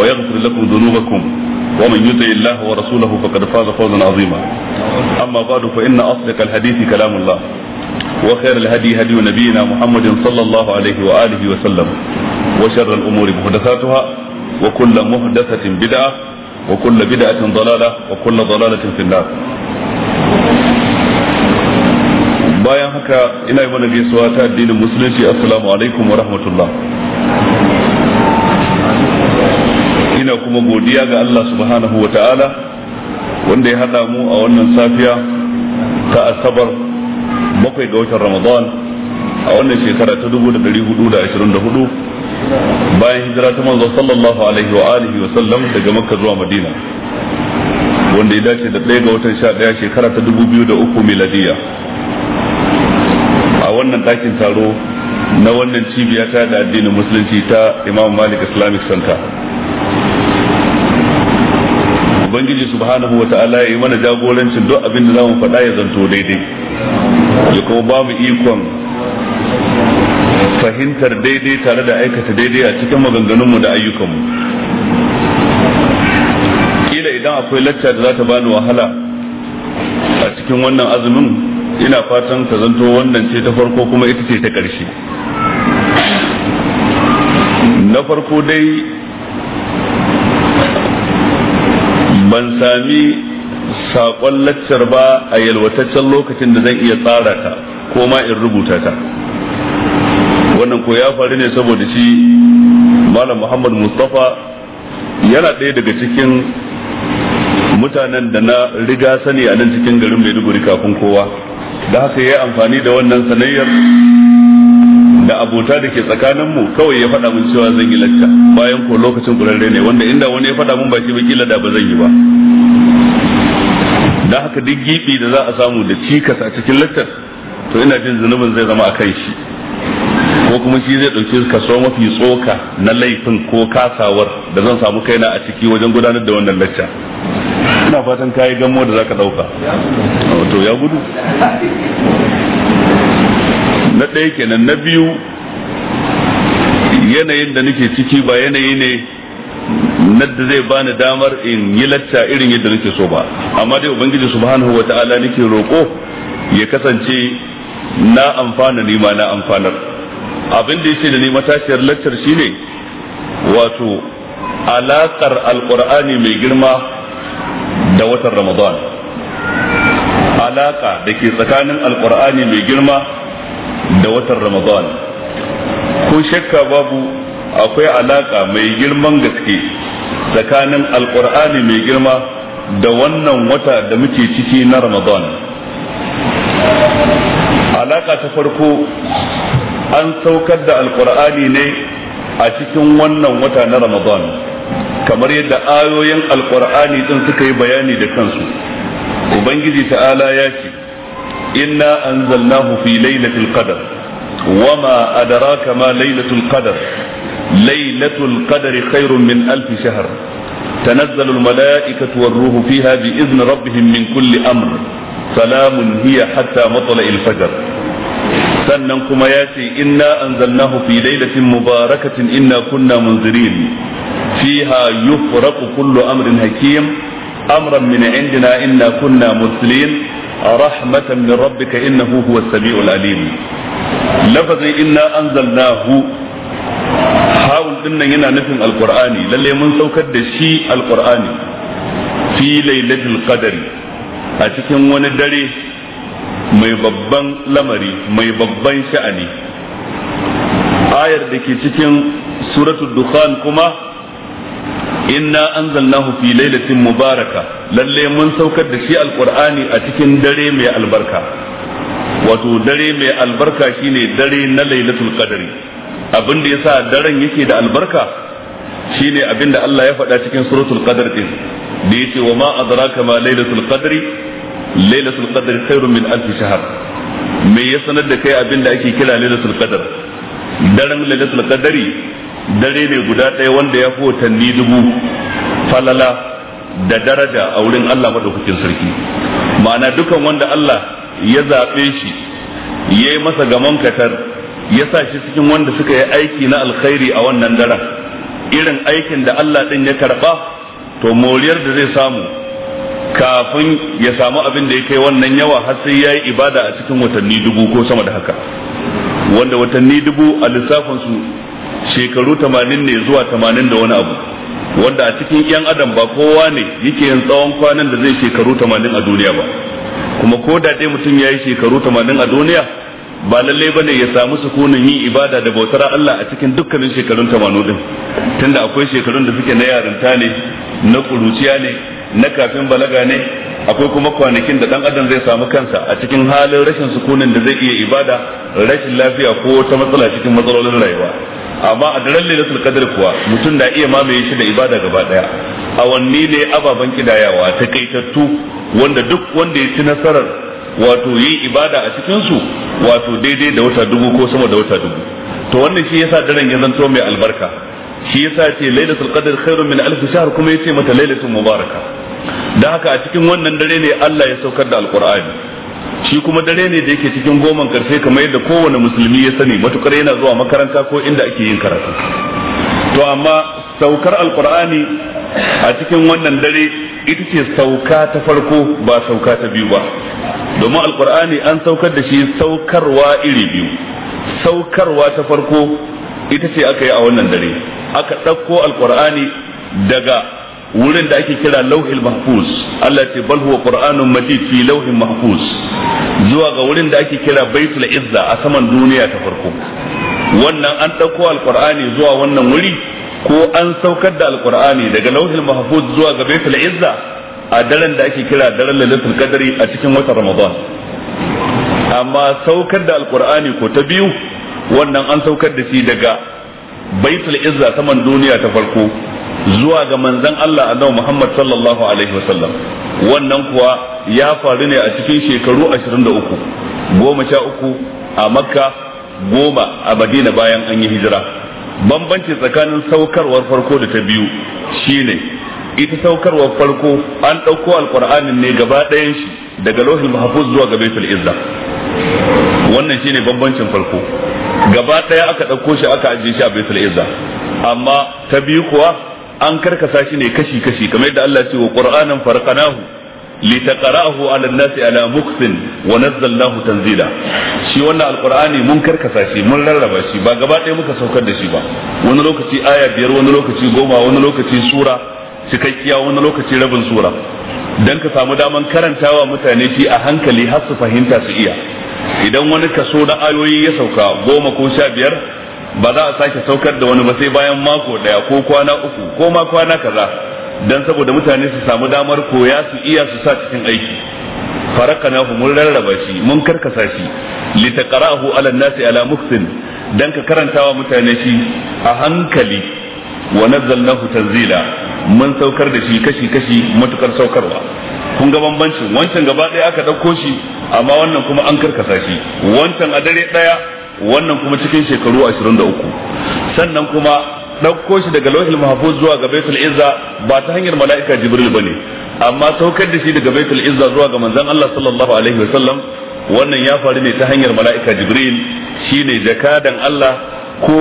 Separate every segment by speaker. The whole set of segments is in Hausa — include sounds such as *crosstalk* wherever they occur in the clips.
Speaker 1: ويغفر لكم ذنوبكم ومن يطع الله ورسوله فقد فاز فوزا عظيما أما بعد فإن أصدق الحديث كلام الله وخير الهدي هدي نبينا محمد صلى الله عليه وآله وسلم وشر الأمور محدثاتها وكل محدثة بدعة وكل بدعة ضلالة وكل ضلالة في النار bayan haka ina yi mana gaisuwa ta addinin musulunci assalamu alaikum wa rahmatullah kuma godiya ga Allah subhanahu wa ta'ala wanda ya haɗa mu a wannan safiya ta asabar bakwai ga watan ramadan a wannan shekara ta 1424 bayan hijira ta manzo sallallahu alaihi wa alihi wa sallam daga makka zuwa madina wanda ya dace da ɗaya ga watan sha ɗaya shekara ta 2003 miladiya a wannan ɗakin taro na wannan cibiya ta da addinin musulunci ta imam malik islamic center subhanahu wa ta'ala ya yi mana jagorancin duk abin da zamu faɗa ya zanto daidai ya kuma ba mu ikon fahimtar daidai tare da aikata daidai a cikin maganganunmu da ayyukanmu kila idan akwai lacca da za ta bani wahala a cikin wannan azumin ina fatan ta zanto wannan ce ta farko kuma ita ce ta ƙarshe na farko dai ban sami saƙon laccar ba a yalwataccen lokacin da zan iya tsara ka ko ma in rubuta ta wannan ko ya faru ne saboda shi malam muhammad mustapha yana ɗaya daga cikin mutanen da na riga sani a nan cikin garin maiduguri kafin kowa da haka ya yi amfani da wannan sanayyar da abota da ke tsakanin mu kawai ya faɗa mun cewa zan yi lakka bayan ko lokacin kurarre ne wanda inda wani ya faɗa mun ba shi bakila da ba zan yi ba da haka duk gibi da za a samu da cikas a cikin laktar to ina jin zunubin zai zama a kai shi ko kuma shi zai ɗauki kaso mafi tsoka na laifin ko kasawar da zan samu kaina a ciki wajen gudanar da wannan lacca ina fatan kayi gammo da zaka ɗauka to ya gudu na ɗaya kenan na biyu yanayin da nake ciki ba yanayi ne na da zai bani damar in yi lacca irin yadda nake so ba amma dai ubangiji subhanahu wata'ala nake roƙo ya kasance na amfana ni ma na amfanar abin da yake da ni matashiyar shi shine wato alaƙar alƙur'ani mai girma da watan ramadan alaƙa da ke tsakanin alƙur'ani mai girma da watan ramadan ko shakka babu akwai alaka mai girman gaske tsakanin alkur'ani mai girma da wannan wata da muke ciki na ramadan alaka ta farko an saukar da alkur'ani ne a cikin wannan wata na ramadan kamar yadda ayoyin alkur'ani din suka yi bayani da kansu ubangiji ta'ala ya ce إنا أنزلناه في ليلة القدر وما أدراك ما ليلة القدر ليلة القدر خير من ألف شهر تنزل الملائكة والروح فيها بإذن ربهم من كل أمر سلام هي حتى مطلع الفجر سننكم ياتي إنا أنزلناه في ليلة مباركة إنا كنا منذرين فيها يفرق كل أمر حكيم أمرا من عندنا إنا كنا مرسلين rahmatan min rabbika innahu huwas samiul alim lafazin inna nahu? hawul ɗinnan yana nufin alqur'ani lalle mun saukar da shi alqur'ani fi lailatul qadari a cikin wani dare mai babban lamari mai babban sha'ani ayar da ke cikin suratul dukhan kuma inna anzalnahu fi lailatin mubaraka lalle mun saukar da shi alqur'ani a cikin dare mai albarka wato dare mai albarka shine dare na lailatul qadri abin da yasa daren yake da albarka shine abin da Allah ya faɗa cikin suratul qadr din da yace wa ma adraka ma lailatul qadri lailatul qadri khairun min alf shahr me ya sanar da kai abin da ake kira lailatul qadr daren lailatul qadri dare ne guda ɗaya wanda ya fi watanni dubu falala da daraja a wurin Allah maɗaukakin sarki ma'ana dukan wanda Allah ya zaɓe shi ya yi masa gaman katar ya sa shi cikin wanda suka yi aiki na alkhairi a wannan daren irin aikin da Allah ɗin ya karɓa to moriyar da zai samu kafin ya samu abin da ya kai wannan yawa har sai ya yi ibada a cikin watanni dubu ko sama da haka wanda watanni dubu a lissafinsu shekaru 80 ne zuwa 80 da wani abu wanda a cikin yan adam ba kowa ne yake yin tsawon kwanan da zai shekaru 80 a duniya ba kuma ko da dai mutum ya yi shekaru 80 a duniya ba lalle bane ya samu sukunin yin ibada da bautar Allah a cikin dukkanin shekarun 80 din tunda akwai shekarun da suke na yarinta ne na kuruciya ne na kafin balaga ne akwai kuma kwanakin da dan adam zai samu kansa a cikin halin rashin sukunin da zai iya ibada rashin lafiya ko ta matsala cikin matsalolin rayuwa amma a daren lailatul qadr kuwa mutum na iya mamaye shi da ibada gaba daya awanni ne ababen kidayawa ta takaitattu wanda duk wanda ya ci nasarar wato yi ibada a cikin su wato daidai da wata dubu ko sama da wata dubu to wannan shi yasa daren ya zanto mai albarka shi yasa ce lailatul qadr khairun min alf shahr kuma yace mata lailatul mubaraka da haka a cikin wannan dare ne Allah ya saukar da alqur'ani shi kuma dare ne da yake cikin goman karshe kamar yadda kowane musulmi ya sani matukar yana zuwa makaranta ko inda ake yin karatu to amma saukar alkur'ani a cikin wannan dare ita ce sauka ta farko ba sauka ta biyu ba domin alkur'ani an saukar da shi saukarwa iri biyu saukarwa ta farko ita ce aka yi a wannan dare aka ɗauko alkur'ani daga wurin da ake kira lauhil mahfuz Allah ce bal huwa qur'anun majid fi lauhin mahfuz zuwa ga wurin da ake kira baitul izza a saman duniya ta farko wannan an ɗauko alqur'ani zuwa wannan wuri ko an saukar da alqur'ani daga lauhil mahfuz zuwa ga baitul izza a daren da ake kira daren lailatul qadri a cikin watan ramadan amma saukar da alqur'ani ko ta biyu wannan an saukar da shi daga baitul izza saman duniya ta farko zuwa ga manzan Allah annabi Muhammad sallallahu alaihi wasallam wannan kuwa ya faru ne a cikin shekaru 23 goma sha uku a makka goma a madina bayan an yi hijira bambanci tsakanin saukarwar farko da ta biyu shine ita saukarwar farko an ɗauko alkur'anin ne gaba ɗayan shi daga lauhin mahfuz zuwa ga baitul izza wannan shine bambancin farko gaba ɗaya aka ɗauko shi aka ajiye shi a baitul izza amma ta biyu kuwa an karkasa shi ne kashi kashi kamar yadda Allah ce wa qur'anan farqanahu litaqra'ahu 'ala an-nasi 'ala mukthin wa nazzalnahu tanzila shi wannan alqur'ani mun karkasa shi mun rarraba shi ba gaba ɗaya muka saukar da shi ba wani lokaci aya biyar wani lokaci goma wani lokaci sura cikakkiya wani lokaci rabin sura dan ka samu daman karantawa mutane shi a hankali har su fahimta su iya idan wani kaso na ayoyi ya sauka goma ko sha biyar ba za a sake saukar da wani ba sai bayan mako daya ko kwana uku ko ma kwana kaza dan saboda mutane su samu damar koya su iya su sa cikin aiki hu mun rarraba shi mun karkasa shi taqrahu 'ala nasi 'ala muhsin dan ka karantawa mutane shi a hankali wa nazzalnahu tanzila mun saukar da shi kashi kashi matukar saukarwa kun ga bambancin wancan gaba ɗaya aka ɗauko shi amma wannan kuma an karkasa shi wancan a dare ɗaya wannan kuma cikin shekaru 23 sannan kuma ɗauko shi daga lauhil mahfuz zuwa ga baitul izza ba ta hanyar mala'ika jibril bane amma saukar da shi daga baitul izza zuwa ga manzon Allah sallallahu alaihi wasallam wannan ya faru ne ta hanyar mala'ika jibril shine jakadan Allah ko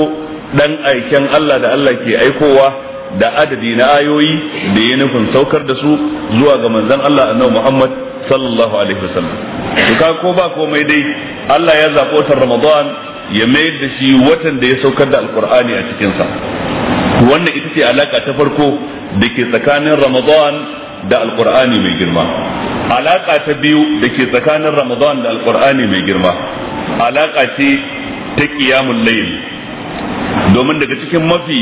Speaker 1: dan aiken Allah da Allah ke aikowa da adadi na ayoyi da ya nufin saukar da su zuwa ga manzon Allah annabi Muhammad sallallahu alaihi wasallam to ka ko ba komai dai Allah ya zaɓo watan Ramadan ya mayar da shi watan da ya saukar da alkur'ani a cikin sa wannan ita ce alaka ta farko da ke tsakanin Ramadan da alkur'ani mai girma alaka ta biyu da ke tsakanin Ramadan da alkur'ani mai girma alaka ce ta qiyamul layl domin daga cikin mafi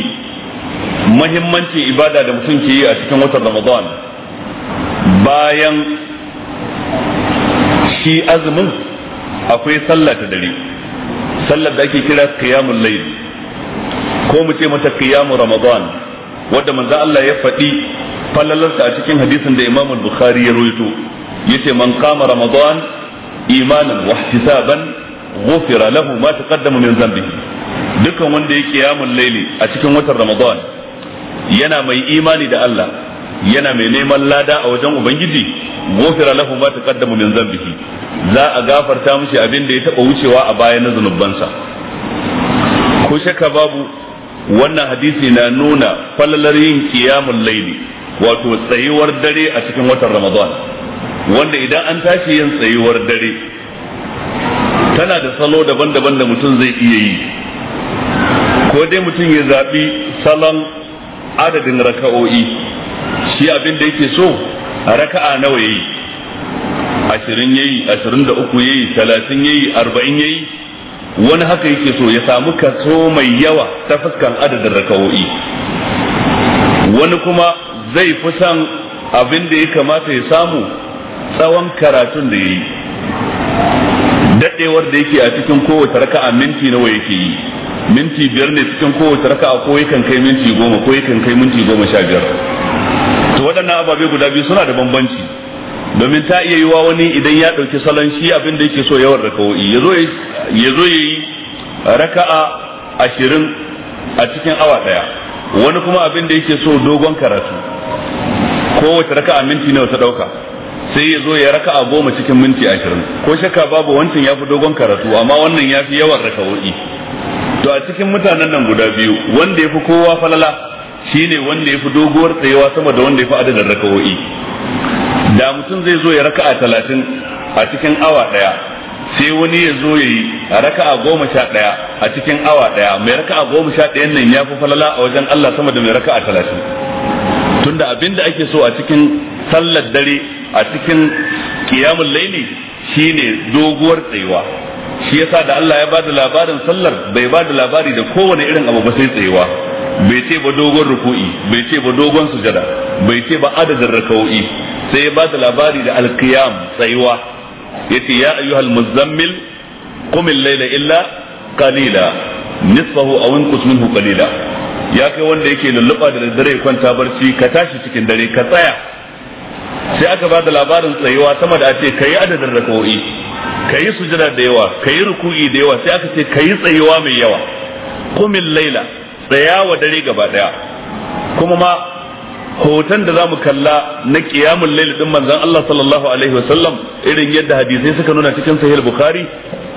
Speaker 1: mahimmancin ibada da mutum ke yi a cikin watan Ramadan bayan shi azumin akwai sallah ta dare sallar da ake kira qiyamul layl ko mu ce mata kiyamun ramadan wanda manzo Allah ya faɗi fallalarsa a cikin hadisin da Imam Bukhari ya rawaito yace man qama ramadan imanan wa ihtisaban ghufira lahu ma taqaddama min dhanbihi dukkan wanda ya qiyamul layli a cikin watan ramadan yana mai imani da Allah yana mai neman lada a wajen ubangiji gofira lahu ma kaddamu min zambihi za a gafarta mishi abin da ya taba wucewa a baya na zanubansa ko shaka babu wannan hadisi na nuna falalar yin qiyamul laili wato tsayuwar dare a cikin watan ramadan wanda idan an tashi yin tsayuwar dare tana da salo daban-daban da mutum zai iya yi ko dai mutum ya zaɓi salon adadin raka'o'i shi abin da yake so raka'a nawa yayi ashirin yayi ashirin da uku yayi talatin yayi arba'in yayi wani haka yake so ya samu kaso mai yawa ta fuskan adadin raka'o'i wani kuma zai fi son abin da ya kamata ya samu tsawon karatun da ya yi daɗewar da yake a cikin kowace raka'a minti nawa yake yi minti biyar ne cikin kowace raka'a ko yakan kai minti goma ko yakan kai minti goma sha biyar to waɗannan ababe guda biyu suna da bambanci domin ta iya yiwa wani idan ya ɗauki salon shi abin da yake so yawan raka'o'i ya zo ya yi raka'a ashirin a cikin awa ɗaya wani kuma abin da yake so dogon karatu kowace raka'a minti nawa ta ɗauka sai ya zo ya raka'a goma cikin minti ashirin ko shakka babu wancan ya fi dogon karatu amma wannan ya fi yawan raka'o'i to a cikin mutanen nan guda biyu wanda ya fi kowa falala Shi ne wanda yafi doguwar tsayawa sama da wanda yafi adadin raka'o'i da mutum zai zo ya raka'a talatin a cikin awa daya sai wani ya zo ya yi raka'a goma sha daya a cikin awa daya mai raka'a goma sha dayan nan ya fi falala a wajen Allah sama da mai raka'a talatin tunda abinda ake so a cikin sallar dare a cikin kiyamul laili shine doguwar tsayuwa shi yasa da Allah ya bada labarin sallar bai bada labari da kowane irin abu ba sai tsayuwa bai ce ba dogon ruku'i bai ce ba dogon sujada bai ce ba adadin raka'o'i sai ya ba da labari da alkiyam tsayuwa yace ya ayyuhal muzammil qum al-layla illa qalila nisfahu aw inqus minhu qalila ya kai wanda yake lulluba da dare kwanta barci ka tashi cikin dare ka tsaya sai aka ba da labarin tsayuwa sama da a ce kayi adadin raka'o'i kayi sujada da yawa kayi ruku'i da yawa sai aka ce kayi tsayuwa mai yawa qum al-layla tsaya wa dare gaba daya kuma ma hoton da za mu kalla na qiyamul layl din manzon Allah sallallahu alaihi wasallam irin yadda hadisai suka nuna cikin sahih bukhari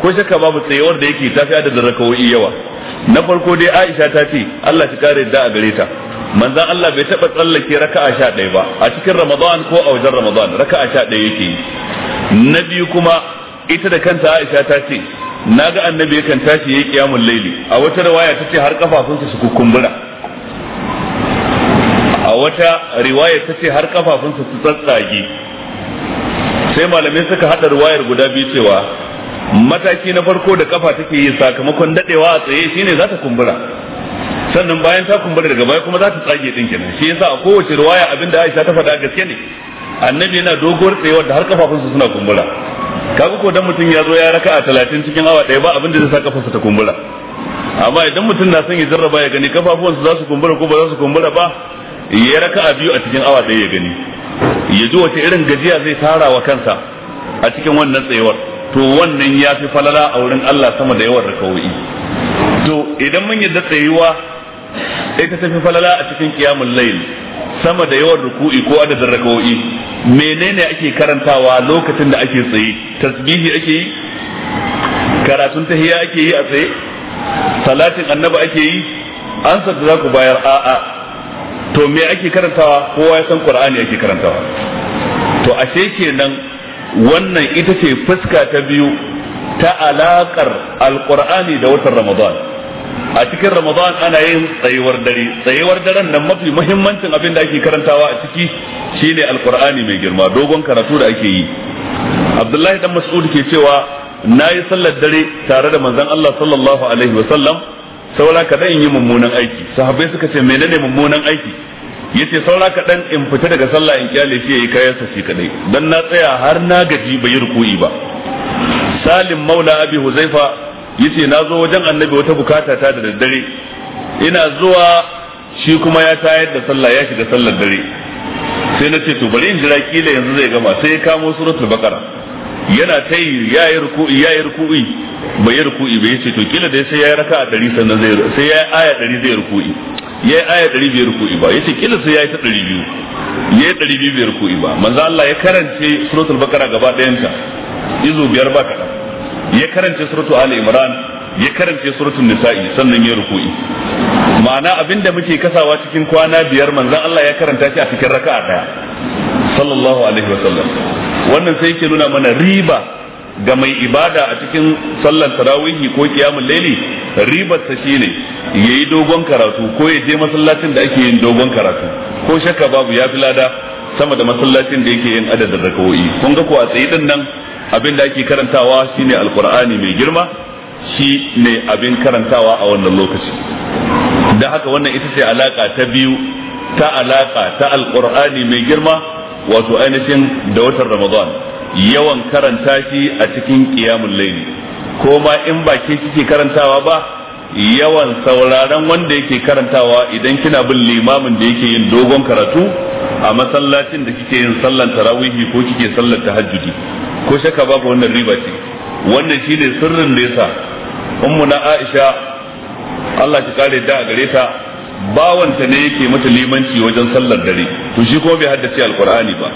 Speaker 1: ko shakka babu tsayawar da yake tafi adadin rakawoyi yawa na farko dai Aisha ta ce Allah ta kare da a gare ta manzon Allah bai taba tsallake raka'a sha ɗaya ba a cikin Ramadan ko a wajen Ramadan raka'a sha ɗaya yake na biyu kuma ita da kanta Aisha ta ce Na ga annabi yakan tashi yayi kiyamun laili a wata riwaya ce har kafafunsa su kukumbura a wata riwaya ce har kafafunsa su tsatsage sai malamai suka hada riwayar guda biyu cewa mataki na farko da kafa take yi sakamakon dadewa a tsaye shine za ta kumbura sannan bayan ta kumbura daga baya kuma za ta tsage din kenan shi yasa a kowace riwaya abinda Aisha ta faɗa gaske ne annabi yana doguwar tsayewar da har kafafunsa suna kumbura kaga ko dan mutum ya zo ya raka'a talatin cikin awa ɗaya ba abin da zai sa kafarsa ta kumbura amma idan mutum na san ya jarraba ya gani kafafuwansa za su kumbura ko ba za su kumbura ba ya raka'a biyu a cikin awa ɗaya ya gani ya ji wace irin gajiya zai tara wa kansa a cikin wannan tsayuwar to wannan ya fi falala a wurin Allah sama da yawan rakawai to idan mun yadda tsayuwa ita ta fi falala a cikin kiyamul layl sama da yawan ruku'i ko adadin raka'o'i menene ake karantawa lokacin da ake tsaye tasbihi ake yi karatun tahiyya ake yi a tsaye salatin annabi ake yi an da za ku bayar a'a to me ake karantawa kowa ya san qur'ani ake karantawa to ashe kenan wannan ita ce fuska ta biyu ta alaƙar alƙur'ani da watan ramadan a cikin ramadan ana yin tsayuwar dare tsayuwar daren nan mafi muhimmancin abin da ake karantawa a ciki shine alqur'ani mai girma dogon karatu da ake yi abdullahi dan mas'ud ke cewa nayi sallar dare tare da manzon Allah sallallahu alaihi wa sallam saura in yi mummunan aiki sahabai suka ce menene mummunan aiki yace saura kaɗan in fita daga sallah in kyale shi yayi kayan sa shi kadai dan na tsaya har na gaji bai yi ruku'i ba salim maula abi huzaifa yace na zo wajen annabi wata bukata ta da daddare ina zuwa shi kuma ya tayar da sallah ya shiga sallar dare sai na ce to bari in jira kila yanzu zai gama sai ya kamo suratul baqara yana ta yi ya yi ruku'i ya yi ruku'i bai yi ruku'i bai ce to kila dai sai ya yi raka a ɗari sannan zai sai ya yi aya ɗari zai ruku'i ya yi aya ɗari bai ruku'i ba yace kila sai ya yi ta ɗari biyu ya yi ɗari biyu bai ruku'i ba manzo Allah ya karance suratul baqara gaba ɗayanta izu biyar ba kaɗan ya karance suratu ali imran ya karance suratu nisa'i sannan ya ruku'i ma'ana abinda muke kasawa cikin kwana biyar manzon Allah ya karanta shi a cikin raka'a daya sallallahu alaihi wa sallam wannan sai yake nuna mana riba ga mai ibada a cikin sallar tarawihi ko kiyamul laili ribar ta shine yayi dogon karatu ko ya je masallacin da ake yin dogon karatu ko shakka babu ya fi lada sama da masallacin da yake yin adadin rakawoyi kun ga ko a tsayi din nan abin da ake karantawa shine alkur'ani mai girma shi ne abin karantawa a wannan lokaci da haka wannan ita ce alaƙa ta biyu ta alaƙa ta alqur'ani mai girma wato ainihin da watan ramadan yawan karanta shi a cikin ƙiyamun laili ko ma in ba ke kike karantawa ba yawan sauraron wanda yake karantawa idan kina bin limamin da yake yin dogon karatu a masallacin da kike yin sallar tarawihi ko kike sallar tahajjudi ko shakka babu wannan riba ce wannan shine sirrin da yasa ummu na Aisha Allah ta kare da gare ta bawanta ne yake mata limanci wajen sallar dare to shi ko bai haddace alqur'ani ba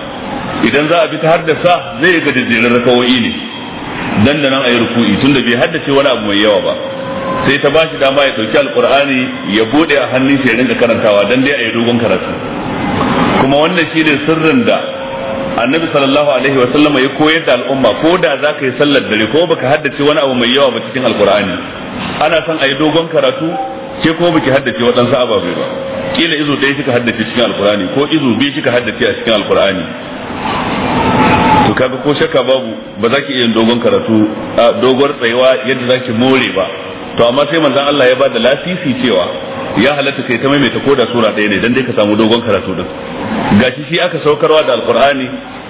Speaker 1: idan za a bi ta haddasa zai ga da rakawoyi ne dan da nan ayi ruku'i tunda bai haddace wani abu mai yawa ba sai ta bashi dama ya dauki alqur'ani ya bude a hannun shi ya rinka karantawa dan dai ayi dogon karatu kuma wannan shi ne sirrin da annabi sallallahu alaihi wa sallama ya koyar da al'umma ko da za ka yi sallar dare ko baka haddace wani abu mai yawa ba cikin alqur'ani ana son ayi dogon karatu ke ko baki haddace waɗansu ababe ba kila izu ɗaya kika haddace cikin alqur'ani ko izu biyu kika haddace a cikin alqur'ani to kaga ko shakka babu ba za ki iya dogon karatu dogon tsayuwa yadda za ki more ba to amma sai manzon Allah ya ba da lasisi cewa ya halatta kai ta maimaita koda sura ɗaya ne dan dai ka samu dogon karatu din gashi shi aka saukarwa da alqur'ani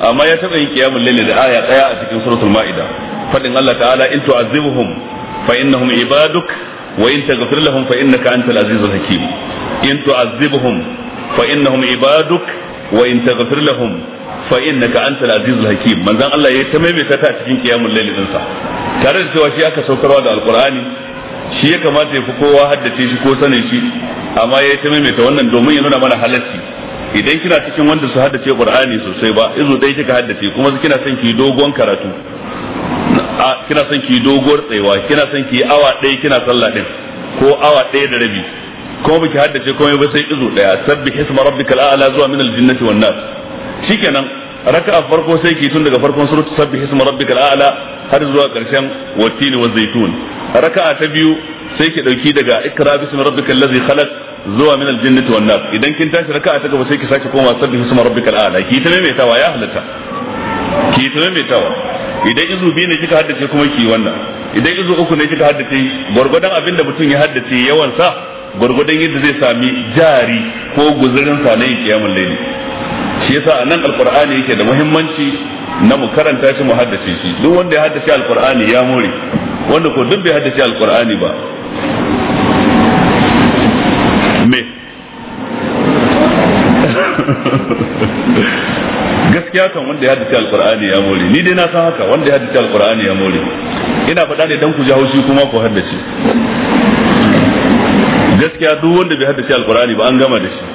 Speaker 1: amma ya taba yin qiyamul layl da aya daya a cikin suratul maida fadin Allah ta'ala in tu'azzibuhum fa innahum ibaduk wa in taghfir lahum fa innaka antal azizul hakim in tu'azzibuhum fa innahum ibaduk wa in taghfir lahum fa innaka antal azizul hakim manzon Allah ya ta maimaita ta cikin qiyamul layl din sa tare da cewa shi aka saukarwa da alqur'ani shi ya kamata ya fi kowa haddace shi ko sanin shi amma ya ta maimaita wannan domin ya nuna mana halarci idan kina cikin wanda su haddace qur'ani sosai ba izo dai kika haddace kuma kina son ki dogon karatu kina son ki doguwar tsayawa kina son ki awa ɗaya kina sallah din ko awa ɗaya da rabi kuma baki haddace komai ba sai izo ɗaya sabbi hisma rabbikal a'la zuwa min aljinnati wan nas shikenan raka'a farko sai ki tun daga farkon surat sabbih isma rabbikal a'la har zuwa karshen wattin wa zaitun raka'a ta biyu sai ki dauki daga ikra bismi rabbikal ladzi khalaq zuwa min aljinnati wan nas idan kin tashi raka'a ta gaba sai ki sake koma sabbih isma rabbikal a'la ki ta maimaitawa ya halatta ki ta maimaitawa idan izu biyu ne kika haddace kuma ki wannan idan izu uku ne kika haddace gwargwadon abinda mutum ya haddace yawan sa gwargwadon yadda zai sami jari ko guzurin sa ne kiyamul layli shi yasa nan alqur'ani yake da muhimmanci na mu karanta shi mu haddace shi duk wanda ya haddace alqur'ani ya more wanda ko duk bai haddace alqur'ani ba me *laughs* gaskiya kan wanda ya haddace alqur'ani ya more ni dai na san haka wanda ya haddace alqur'ani ya more ina faɗa ne dan ku ji haushi kuma ku haddace gaskiya duk wanda bai haddace alqur'ani ba an gama da shi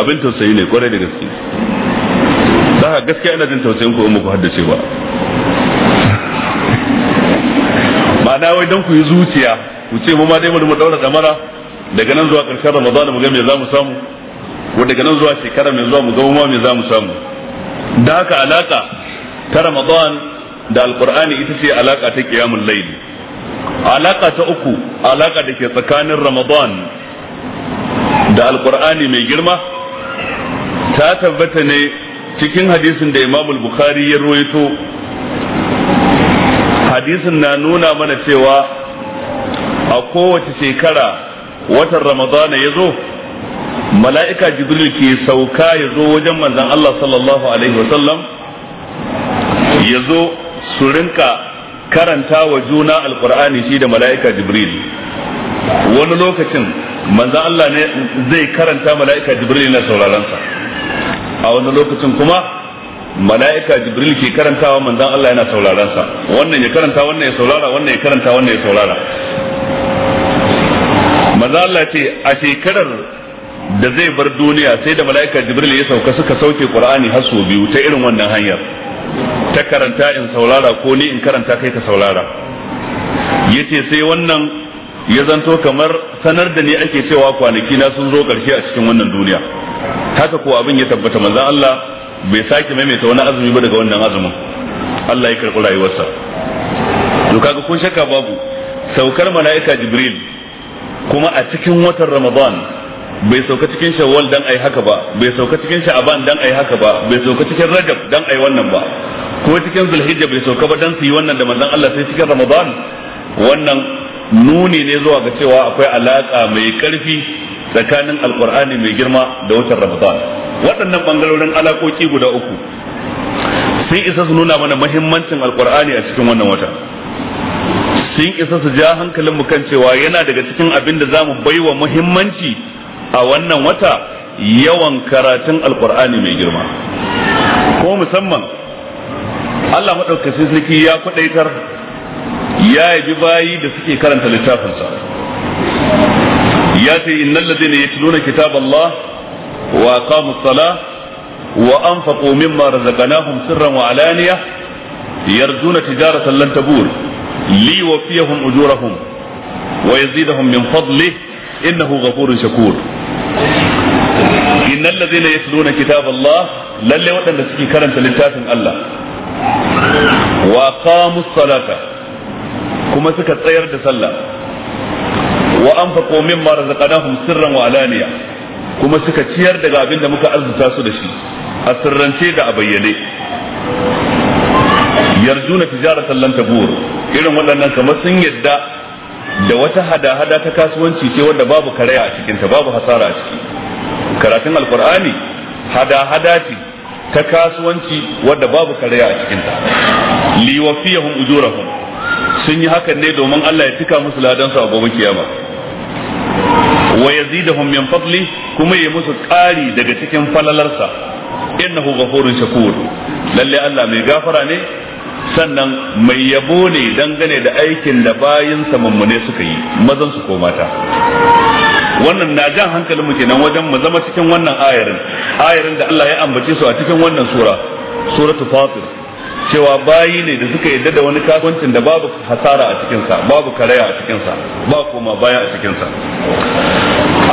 Speaker 1: abin tausayi ne kwarai da gaske za gaskiya ina jin tausayin ku in ku haddace ba ma'ana wai don ku yi zuciya ku ce mu ma dai mu daura damara daga nan zuwa karshen ramadan mu ga me za mu samu ko daga nan zuwa shekara mai zuwa mu ga mu me za mu samu da haka alaka ta ramadan da alqur'ani ita ce alaka ta qiyamul layl alaka ta uku alaka da ke tsakanin ramadan da alqur'ani mai girma ta tabbata ne cikin hadisin da imamul bukhari ya ruwaito hadisin na nuna mana cewa a kowace shekara watan ramadana ya zo mala'ika jibril ke sauka ya zo wajen manzan Allah sallallahu alaihi wasallam ya zo su rinka karanta wa juna alkur'ani shi da mala'ika jibril wani lokacin manzan Allah ne zai karanta mala'ika jibril na sauraronsa a wani lokacin kuma mala'ika jibril ke karantawa manzon Allah yana sauraron sa wannan ya karanta wannan ya saurara wannan ya karanta wannan ya saurara manzon Allah ce a shekarar da zai bar duniya sai da mala'ika jibril ya sauka suka sauke qur'ani har sau biyu ta irin wannan hanyar ta karanta in saurara ko ni in karanta kai ka saurara yace sai wannan ya zanto kamar sanar da ni ake cewa kwanaki na sun zo karshe a cikin wannan duniya haka ko abin ya tabbata manzon Allah bai sake maimaita wani azumi ba daga wannan azumin Allah ya karɓi rayuwarsa to kaga ko shakka babu saukar mala'ika Jibril kuma a cikin watan Ramadan bai sauka cikin Shawwal dan ai haka ba bai sauka cikin Sha'ban dan ai haka ba bai sauka cikin Rajab dan ai wannan ba ko cikin Zulhijja bai sauka ba dan su yi wannan da manzon Allah sai cikin Ramadan wannan nuni ne zuwa ga cewa akwai alaka mai karfi tsakanin alkur'ani mai girma da watan ramadan waɗannan bangarorin alaƙoƙi guda uku sun isa su nuna mana mahimmancin alkur'ani a cikin wannan wata sun isa su ja hankalin mu kan cewa yana daga cikin abin da zamu baiwa muhimmanci a wannan wata yawan karatun alkur'ani mai girma ko musamman Allah maɗaukacin sarki ya kudaitar ya yabi bayi da suke karanta littafinsa ya ce innal ladina yatluna wa aqamus salah wa sirran wa alaniya yarjuna tijaratan lan tabur li wafiyahum ujurahum wa shakur innal ladina yatluna waɗanda suke karanta littafin Allah wa kuma tsayar da sallah wa anfaqu mimma razaqnahum sirran wa alaniya kuma suka ciyar daga abin da muka arzuta su da shi a sirrance da a bayyane yarjuna tijaratan lan tabur irin waɗannan kamar sun yadda da wata hada-hada ta kasuwanci ce wanda babu karaya a cikinta babu hasara a ciki karatun alkur'ani hada-hada ce ta kasuwanci wadda babu karaya a cikinta liwafiyahum ujurahum sun yi hakan ne domin Allah ya cika musu ladansu a gobe kiyama ويزيدهم من فضله كما kuma ya musu ƙari daga cikin falalarsa انه غفور شكور lalle Allah mai gafara ne sannan mai yabo ne dangane da aikin da bayansa mummune suka yi mazan su ko mata wannan na jan hankalin mu kenan wajen mu zama cikin wannan ayarin ayarin da Allah ya ambace su a cikin wannan sura suratul fatir cewa bayi ne da suka yadda da wani kasuwancin da babu hasara a cikinsa babu karaya a cikinsa ba koma baya a cikinsa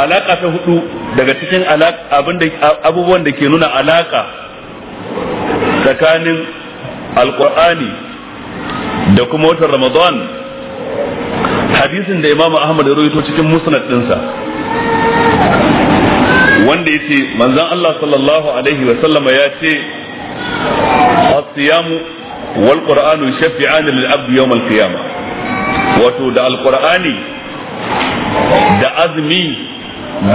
Speaker 1: alaka ta hudu daga cikin abubuwan da ke nuna alaka tsakanin alkur'ani da kuma watan ramadan hadisin da Imam ahmad ya rawaito cikin musnad dinsa wanda ya ce manzan allah sallallahu alaihi sallama ya ce siyamu wal qur'anu shafi'ani lil wato da Alƙur'ani, da azumi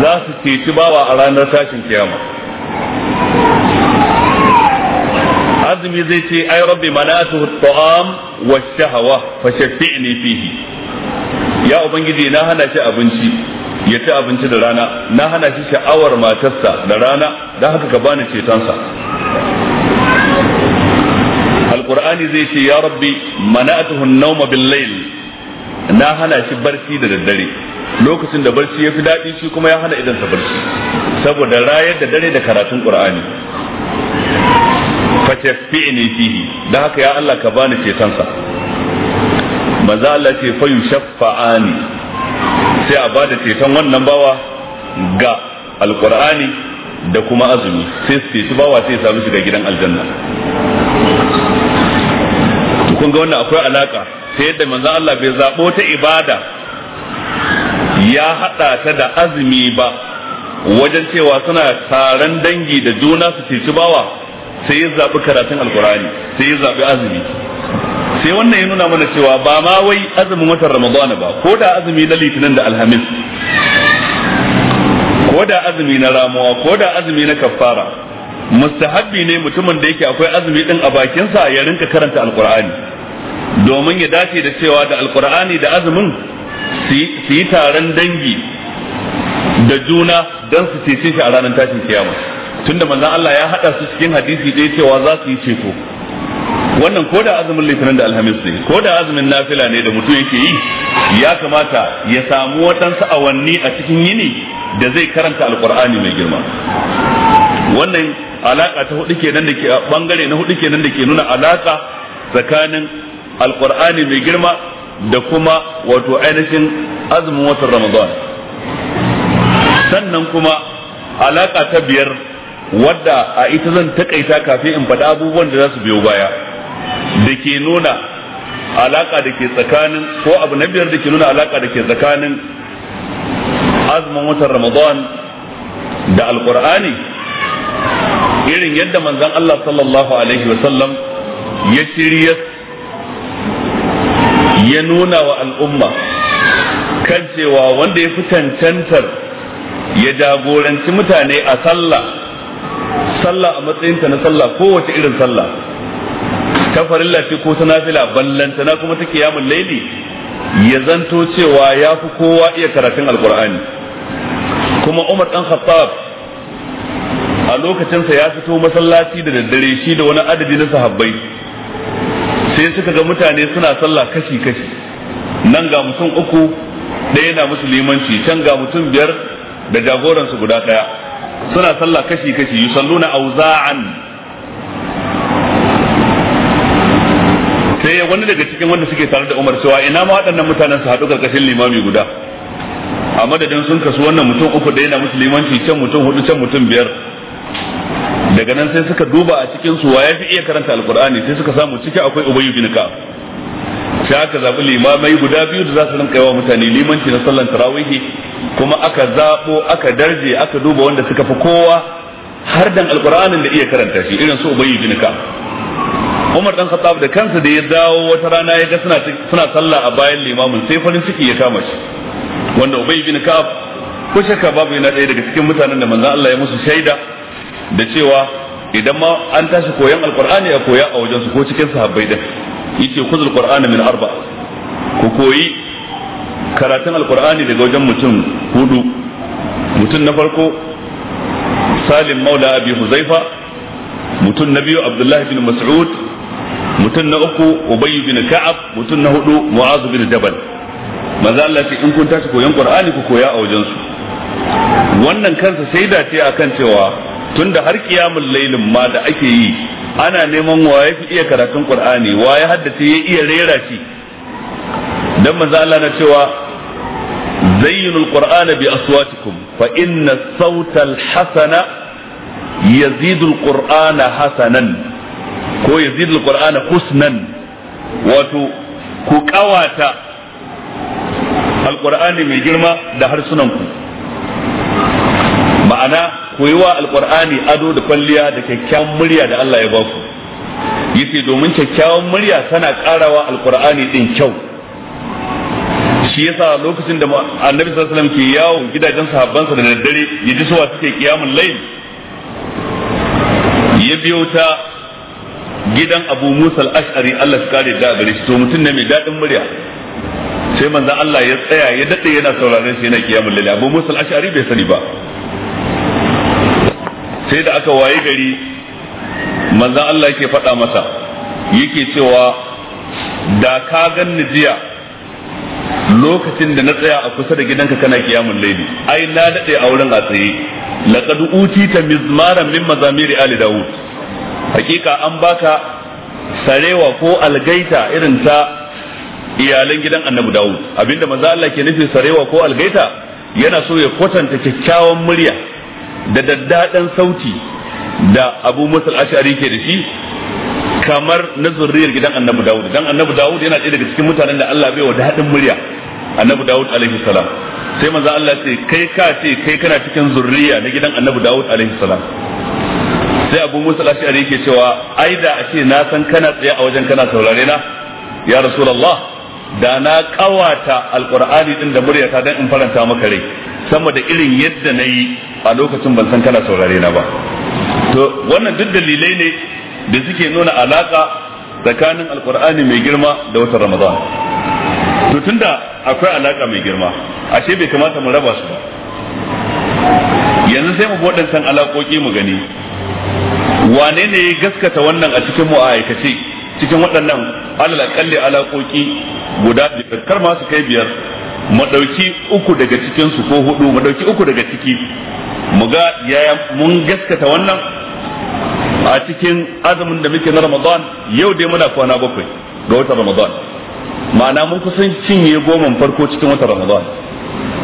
Speaker 1: za su ceci bawa a ranar tashin kiyama azumi zai ce ai rabbi manatu at-ta'am wash-shahawa shafi'ni fihi ya ubangiji na hana shi abinci ya ci abinci da rana na hana shi sha'awar matarsa da rana da haka ka bani cetonsa qur'ani zai ce ya rabbi mana'atuhu an bil-layl na hana shi barci da daddare lokacin da barci ya fi daɗi shi kuma ya hana idan sa barci saboda rayar da dare da karatun qur'ani fatashfi'ni fihi dan haka ya Allah ka bani sa manzo Allah ce fa yushaffa'ani sai a bada ceton wannan bawa ga alqur'ani da kuma azumi sai su ceci bawa sai ya samu shiga gidan aljanna kun ga wannan akwai alaka sai yadda manzo Allah bai zabo ta ibada ya hada ta da azumi ba wajen cewa suna taron dangi da juna su ceci bawa sai ya zabi karatun alkurani sai ya zabi azumi sai wannan ya nuna mana cewa ba ma wai azumin watan ramadana ba ko da azumi na litinin da alhamis ko da azumi na ramuwa ko da azumi na kaffara mustahabbi ne mutumin da yake akwai azumi din a bakinsa ya rinka karanta alkur'ani domin ya dace da cewa da alkur'ani da azumin su yi taron dangi da juna don su cece shi a ranar tashin kiyama tunda manzon Allah ya haɗa su cikin hadisi ɗaya cewa za su yi ceto wannan ko da azumin litinin da alhamis ne ko da azumin nafila ne da mutum yake yi ya kamata ya samu waɗansu awanni a cikin yini da zai karanta alkur'ani mai girma wannan alaka ta hudu kenan da ke bangare na hudu kenan da ke nuna alaƙa tsakanin alkur'ani mai girma da kuma wato ainihin azumin watan ramadan sannan kuma alaka ta biyar wadda a ita zan takaita kafin in faɗi abubuwan da za su biyo baya da ke nuna alaka da ke tsakanin ko abu na biyar da ke nuna alaka da ke tsakanin azumin watan ramadan da Alƙur'ani irin yadda manzon Allah sallallahu alaihi wasallam ya shirya ya nuna wa al'umma kan cewa wanda ya fi cancantar ya jagoranci mutane a sallah sallah a matsayinta na sallah kowace irin sallah ta farilla ce ko ta nafila ballantana kuma ta kiyamun laili ya zanto cewa ya fi kowa iya karatun alkur'ani kuma umar dan khattab a lokacinsa ya fito masallaci da daddare shi da wani adadi na sahabbai sai suka ga mutane suna sallah kashi kashi nan ga mutum uku ɗaya na limanci can ga mutum biyar da jagoransu guda ɗaya suna sallah kashi kashi yusalluna auza'an sai wani daga cikin wanda suke tare da Umar cewa ina ma waɗannan mutanen su haɗu karkashin limami guda a madadin sun kasu wannan mutum uku da yana musulmanci can mutum hudu can mutum biyar daga nan sai suka duba a cikin su waye fi iya karanta alqur'ani sai suka samu ciki akwai ubayyu bin ka'ab sai aka zabi limamai guda biyu da za su rinka yawa mutane limanci na sallan tarawih kuma aka zabo aka darje aka duba wanda suka fi kowa har dan alqur'anin da iya karanta shi irin su ubayyu bin Umar dan Khattab da kansa da ya dawo wata rana ya ga suna suna sallah a bayan limamin sai farin ciki ya kama shi wanda Ubay bin ko shakka babu yana daya daga cikin mutanen da manzon Allah ya musu shaida da cewa idan ma an tashi koyan alqur'ani a koya a wajen su ko cikin sahabbai din yace kuzul qur'ana min arba ku koyi karatun alqur'ani daga wajen mutum hudu mutum na farko salim maula abi huzaifa mutum na biyu abdullahi bin mas'ud mutum na uku ubayy bin ka'ab mutum na hudu mu'az bin jabal manzo Allah ce in kun tashi koyan qur'ani ku koya a wajen su wannan kansa sai da ce akan cewa tunda har ƙiyamun lailin ma da ake yi ana neman ya fi iya karatun qur'ani ya haddace ya iya rera shi dan manzo Allah na cewa zayyinul qur'ana bi aswatikum fa inna sautal hasana yazidul qur'ana hasanan ko yazidul qur'ana husnan wato ku kawata alqur'ani mai girma da harsunan ku ma'ana ku yi wa alkur'ani ado da kwalliya da kyakkyawan murya da Allah ya ba ku yace domin kyakkyawan murya tana karawa alkur'ani din kyau shi yasa lokacin da annabi sallallahu alaihi wasallam ke yawo gidajen sa da daddare ya ji suwa suke kiyamul layl ya biyo ta gidan Abu Musa al-Ash'ari Allah ya kare da gare shi to mutum ne mai dadin murya sai manzo Allah ya tsaya ya dade yana sauraron shi yana kiyamul layl Abu Musa al-Ash'ari bai sani ba sai da aka waye gari manzan Allah yake faɗa masa yake cewa da ka ganni jiya lokacin da na tsaya a kusa da gidanka kana kiyamun laili ai na daɗe a wurin a tsaye laqad utita mizmaran min mazamiri ali daud hakika an baka sarewa ko algaita irin ta iyalan gidan annabi daud abinda manzo Allah ke nufi sarewa ko algaita yana so ya kwatanta kyakkyawan murya da daddaɗan sauti da abu musa ashari ke da shi kamar na zurriyar gidan annabi dawud dan annabi dawud yana ɗaya daga cikin mutanen da Allah bai wa daɗin murya annabi dawud alaihi salam sai manzo Allah ce kai ka ce kai kana cikin zurriya na gidan annabi dawud alaihi salam sai abu musa ashari yake cewa ai da ake na san kana tsaye a wajen kana saurare na ya rasulullah da na kawata alqur'ani din da muryata dan in faranta maka rai sama da irin yadda na yi a lokacin ban san kana saurare na ba to wannan duk dalilai ne da suke nuna alaka tsakanin alkur'ani mai girma da watan ramadan to tunda akwai alaka mai girma ashe bai kamata mu raba su ba yanzu sai mu bi san alaƙoƙi mu gani wane ne ya gaskata wannan a cikin mu a aikace cikin waɗannan alal alaƙoƙi guda biyar kar ma su kai biyar mu dauki uku daga cikin su ko hudu mu dauki uku daga ciki mu ga yaya mun gaskata wannan a cikin azumin da muke na Ramadan yau dai muna kwana bakwai ga watan Ramadan ma'ana mun kusan cinye goma farko cikin watan Ramadan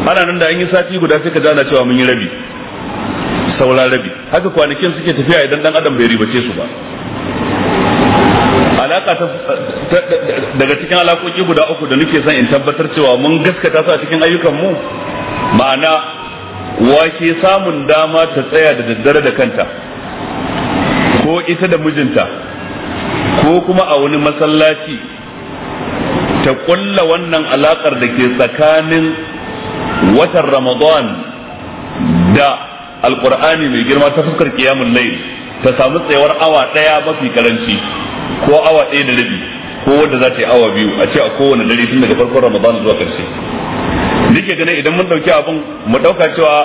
Speaker 1: ana nan da an yi sati guda sai ka cewa mun yi rabi saura rabi haka kwanakin suke tafiya idan dan adam bai ribace su ba alaka daga cikin alakoki guda uku da nake son in tabbatar cewa mun gaskata su a cikin ayyukan mu ma'ana wake samun dama ta tsaya da daddare da kanta ko ita da mijinta ko kuma a wani masallaci ta kulla wannan alaƙar da ke tsakanin watan ramadan da Alƙur'ani mai girma ta fuskar kiyamun layi ta samu tsayawar awa ɗaya mafi karanci ko awa ɗaya da rabi ko wanda za ta yi awa biyu a ce a kowane dare tun daga farkon ramadan zuwa karshe ke ganin idan mun dauki abin mu dauka cewa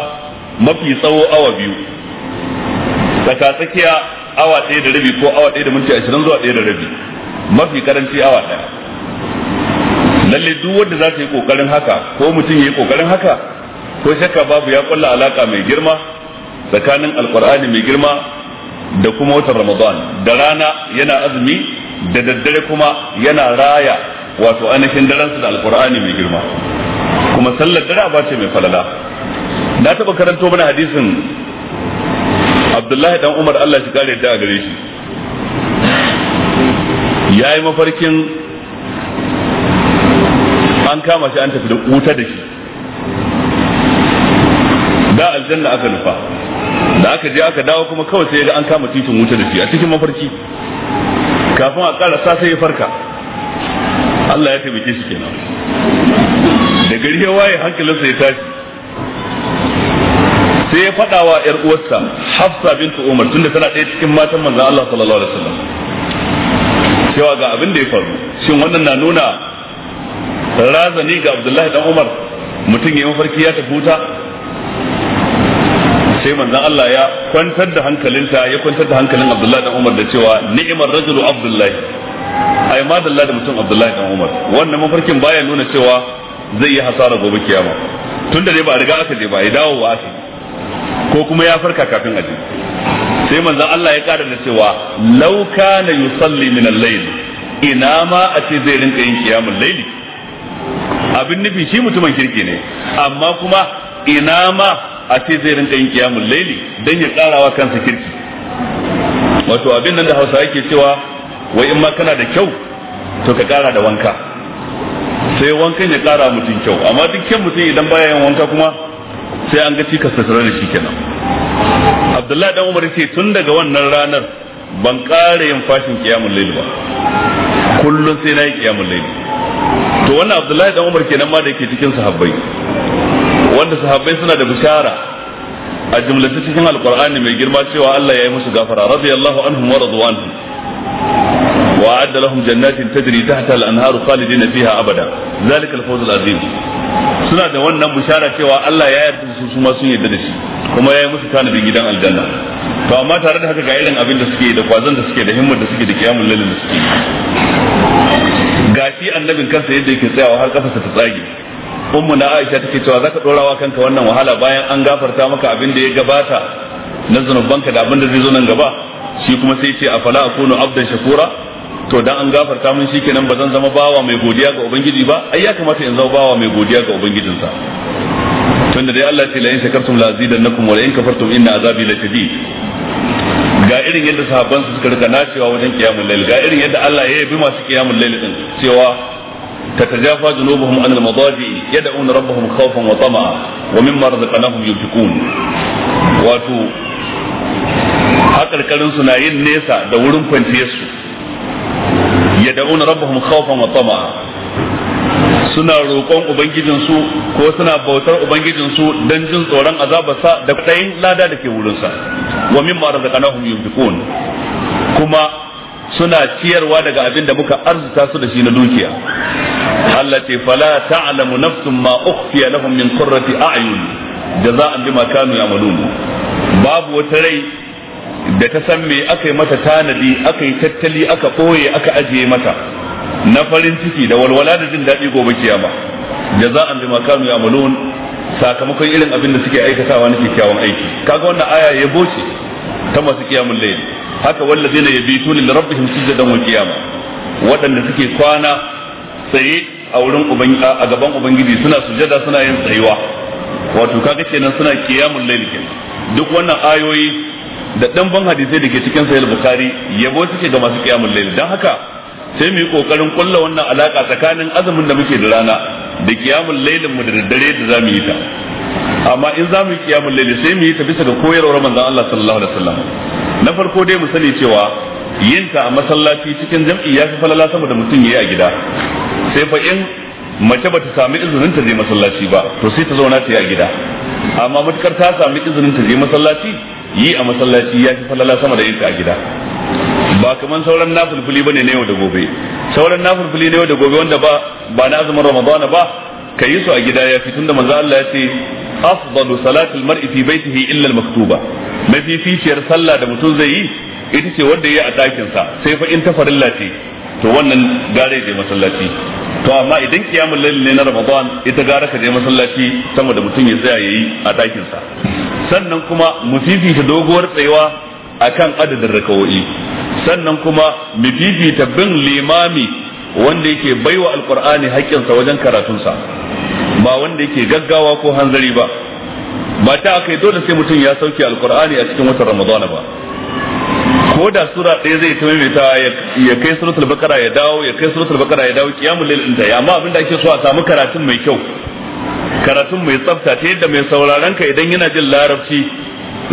Speaker 1: mafi tsawo awa biyu tsaka tsakiya awa ɗaya da rabi ko awa ɗaya da minti ashirin zuwa ɗaya da rabi mafi karanci awa ɗaya lalle duk wanda za ta yi kokarin haka ko mutum ya yi kokarin haka ko shakka babu ya kulla alaka mai girma tsakanin alkur'ani mai girma da kuma watan ramadan da rana yana azumi da daddare kuma yana raya wato ainihin daransu da alkur'ani mai girma kuma sallar dare ba ce mai falala na taɓa karanto mana hadisin abdullahi dan umar allah shi kare da gare shi ya yi mafarkin an kama shi an tafi da wuta da shi da aljanna aka nufa da aka je aka dawo kuma kawai sai ga an kama titin wuta da shi a cikin mafarki kafin a sa sai ya farka Allah ya taimake shi kenan da gari ya waye hankalinsa ya tashi sai ya faɗa wa ‘yar uwarsa Hafsa bintu Umar tunda tana ɗaya cikin matan manzan Allah sallallahu alaihi wasallam cewa ga abin da ya faru shin wannan na nuna razani ga Abdullahi dan Umar mutum ya mafarki ya tafi wuta sai manzon Allah ya kwantar da hankalinta ya kwantar da hankalin Abdullahi dan Umar da cewa ni'imar rajulu Abdullahi ai ma dalla da mutum Abdullahi dan Umar wannan mafarkin baya nuna cewa zai yi hasara gobe kiyama tunda dai ba a riga aka je ba ya dawo wa aka ko kuma ya farka kafin a je sai manzon Allah ya kara da cewa law kana yusalli min al-layl ina ma a ce zai rinka yin kiyamul layli abin nufi shi mutumin kirki ne amma kuma ina ma a ce zai rinka yin kiyamun laili don ya karawa kansa kirki wato abin nan da Hausa yake cewa wai in ma kana da kyau to ka kara da wanka sai wankan ya kara mutum kyau amma duk kyan mutum idan baya yin wanka kuma sai an ga cikas tattare da shi kenan Abdullahi dan Umar ce tun daga wannan ranar ban kare yin fashin kiyamun laili ba kullum sai na yi kiyamun laili to wannan Abdullahi dan Umar kenan ma da yake cikin sahabbai wanda sahabbai suna da bishara a jumlata cikin alqur'ani mai girma cewa Allah ya yi musu gafara radiyallahu anhum wa radwanhum wa adda lahum jannatin tajri tahta al-anharu khalidin fiha abada zalika al-fawz al-azim suna da wannan bishara cewa Allah ya yarda su su ma sun yarda da shi kuma ya yi musu tanadin gidan aljanna to amma tare da haka ga irin abin da suke da kwazon da suke da himmar da suke da kiyamul lailin da suke gashi annabin kansa yadda yake tsayawa har kafa ta tsage ummu na aisha take cewa zaka dora wa kanka wannan wahala bayan an gafarta maka abin da ya gabata na zanubanka da abin da zai zo nan gaba shi kuma sai ce afala akunu abdan shakura to dan an gafarta min shikenan bazan zama bawa mai godiya ga ubangiji ba ai ya kamata in zama bawa mai godiya ga ubangijinsa tunda dai Allah ce la in shakartum la azidannakum wa la in kafartum inna azabi la shadid ga irin yadda sahabban su suka rika nacewa wajen kiyamul lail ga irin yadda Allah ya yabi masu kiyamul lail din cewa تتجافى جنوبهم عن المضاجع يدعون ربهم خوفا وطمعا ومما رزقناهم ينفقون واتو hakarkarin na yin nesa da wurin kwanciyar su ya da'un rabbahum khawfan wa suna roƙon ubangijin su ko suna bautar ubangijin su dan jin tsoron azabarsa da kudayin lada da ke wurin sa wa mimma razaqnahum yunfiqun kuma suna ciyarwa daga abin da muka arzuta su da shi na dukiya Allah ce fala ta'lamu nafsun ma ukhfiya lahum min qurrati a'yun jaza'an bima kanu ya'malun babu wata rai da ta san me aka yi mata tanadi aka yi tattali aka koye aka ajiye mata na farin ciki da walwala da jin daɗi gobe kiyama jaza'an bima kanu ya'malun sakamakon irin abin da suke aikatawa na kyakkyawan aiki kaga wannan aya ya boce ta masu kiyamul layl haka wallazina yabituna li rabbihim sujadan wa qiyama waɗanda suke kwana tsaye a wurin ubangiji a gaban ubangiji suna sujada suna yin tsayuwa wato kaga kenan suna qiyamul layl kenan duk wannan ayoyi da dan ban hadisai da ke cikin sahih bukhari yabo suke ga masu qiyamul layl dan haka sai mu yi kokarin kulla wannan alaka tsakanin azumin da muke da rana da qiyamul laylin mu da daddare da zamu yi ta amma in zamu yi qiyamul layl sai mu yi ta bisa ga koyarwar manzon Allah sallallahu alaihi wasallam na farko dai mu sani cewa ta a masallaci cikin jam'i ya fi falala sama da mutum yayi a gida sai fa in mace bata sami izinin ta je masallaci ba to sai ta zauna ta yi a gida amma matukar ta sami izinin ta je masallaci yi a masallaci ya fi falala sama da ta a gida ba kaman sauran nafulfuli bane na yau da gobe sauran nafulfuli na yau da gobe wanda ba ba na azumin ramadana ba ka yi su a gida ya fi tunda manzo Allah ya ce afdalu salatul mar'i fi baitihi illa maktuba mafificiyar sallah da mutum zai yi ita ce wanda yi a dakin sai fa in ta farin ce to wannan gare je masallaci to amma idan kiyamul layl ne na ramadan ita gara ka je masallaci sama da mutum ya tsaya yayi a dakin sannan kuma mu fifita doguwar tsayawa akan adadin rakawoyi sannan kuma mu bin limami wanda yake baiwa alqur'ani haƙƙinsa wajen karatunsa ba wanda yake gaggawa ko hanzari ba ba ta aka dole sai mutum ya sauke alkur'ani a cikin watan ramadana ba ko da sura ɗaya zai ta maimaita ya kai suratul bakara ya dawo ya kai suratul bakara ya dawo kiyamul lail inta amma abin da ake so a samu karatun mai kyau karatun mai tsafta ta yadda mai sauraron ka idan yana jin larabci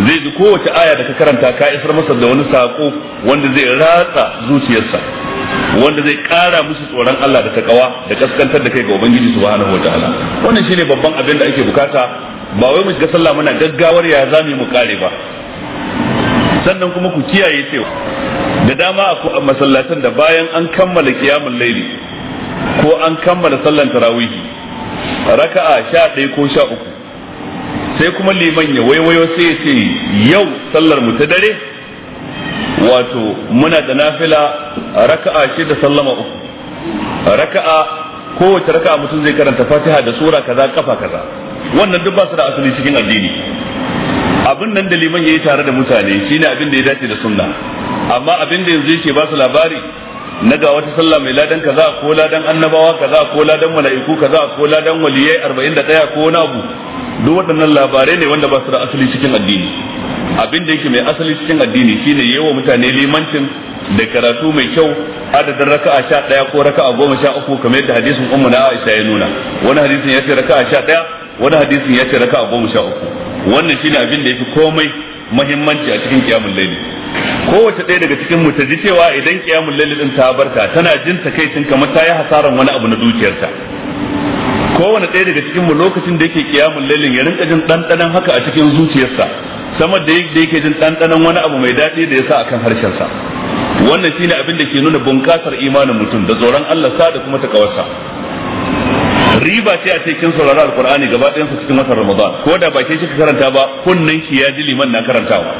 Speaker 1: zai ji kowace aya da ka karanta ka isar masa da wani sako wanda zai ratsa zuciyarsa wanda zai kara musu tsoron Allah da takawa da kaskantar da kai ga ubangiji subhanahu wataala wannan shine babban abin da ake bukata ba wai mu shiga sallah muna gaggawar ya zamu mu kare ba sannan kuma ku kiyaye cewa da dama a masallatan da bayan an kammala kiyamul laili ko an kammala sallan tarawihi raka'a sha ɗaya ko sha uku sai kuma liman ya waiwayo sai ya ce yau sallar mu ta dare wato muna da nafila raka'a da sallama uku raka'a kowace raka'a mutum zai karanta fatiha da sura kaza kafa kaza wannan duk ba su da asali cikin addini abin nan da liman yayi tare da mutane shine abin da ya dace da sunna amma abin da yanzu yake ba su labari na ga wata sallah mai ladan kaza ko ladan annabawa kaza ko ladan mala'iku kaza ko ladan waliyai 41 ko na duk waɗannan labarai ne wanda ba su da asali cikin addini abin da yake mai asali cikin addini shine yawa mutane limancin da karatu mai kyau adadin raka'a sha ɗaya ko raka'a goma sha uku kamar yadda hadisin ummu na Aisha ya nuna wani hadisin ya ce raka'a sha ɗaya wani hadisin ya ce raka'a goma sha uku wannan shine abin da yafi komai muhimmanci a cikin kiyamul laili kowace ɗaya daga cikin mu ta ji cewa idan kiyamul laili din ta barka tana jin takaicin kamar ta yi hasaran wani abu na dukiyarta kowane ɗaya daga cikin mu lokacin da yake kiyamul lailin ya rinka jin ɗanɗanon haka a cikin zuciyarsa sama da yake jin ɗanɗanon wani abu mai daɗi da ya sa akan harshensa wannan shine abin da ke nuna bunƙasar imanin mutum da tsoron Allah sa da kuma takawarsa riba ce a ce kin saurari alqur'ani gaba ɗayan su cikin watan ramadan ko da ba ke kika karanta ba kunnen ki ya ji liman na karantawa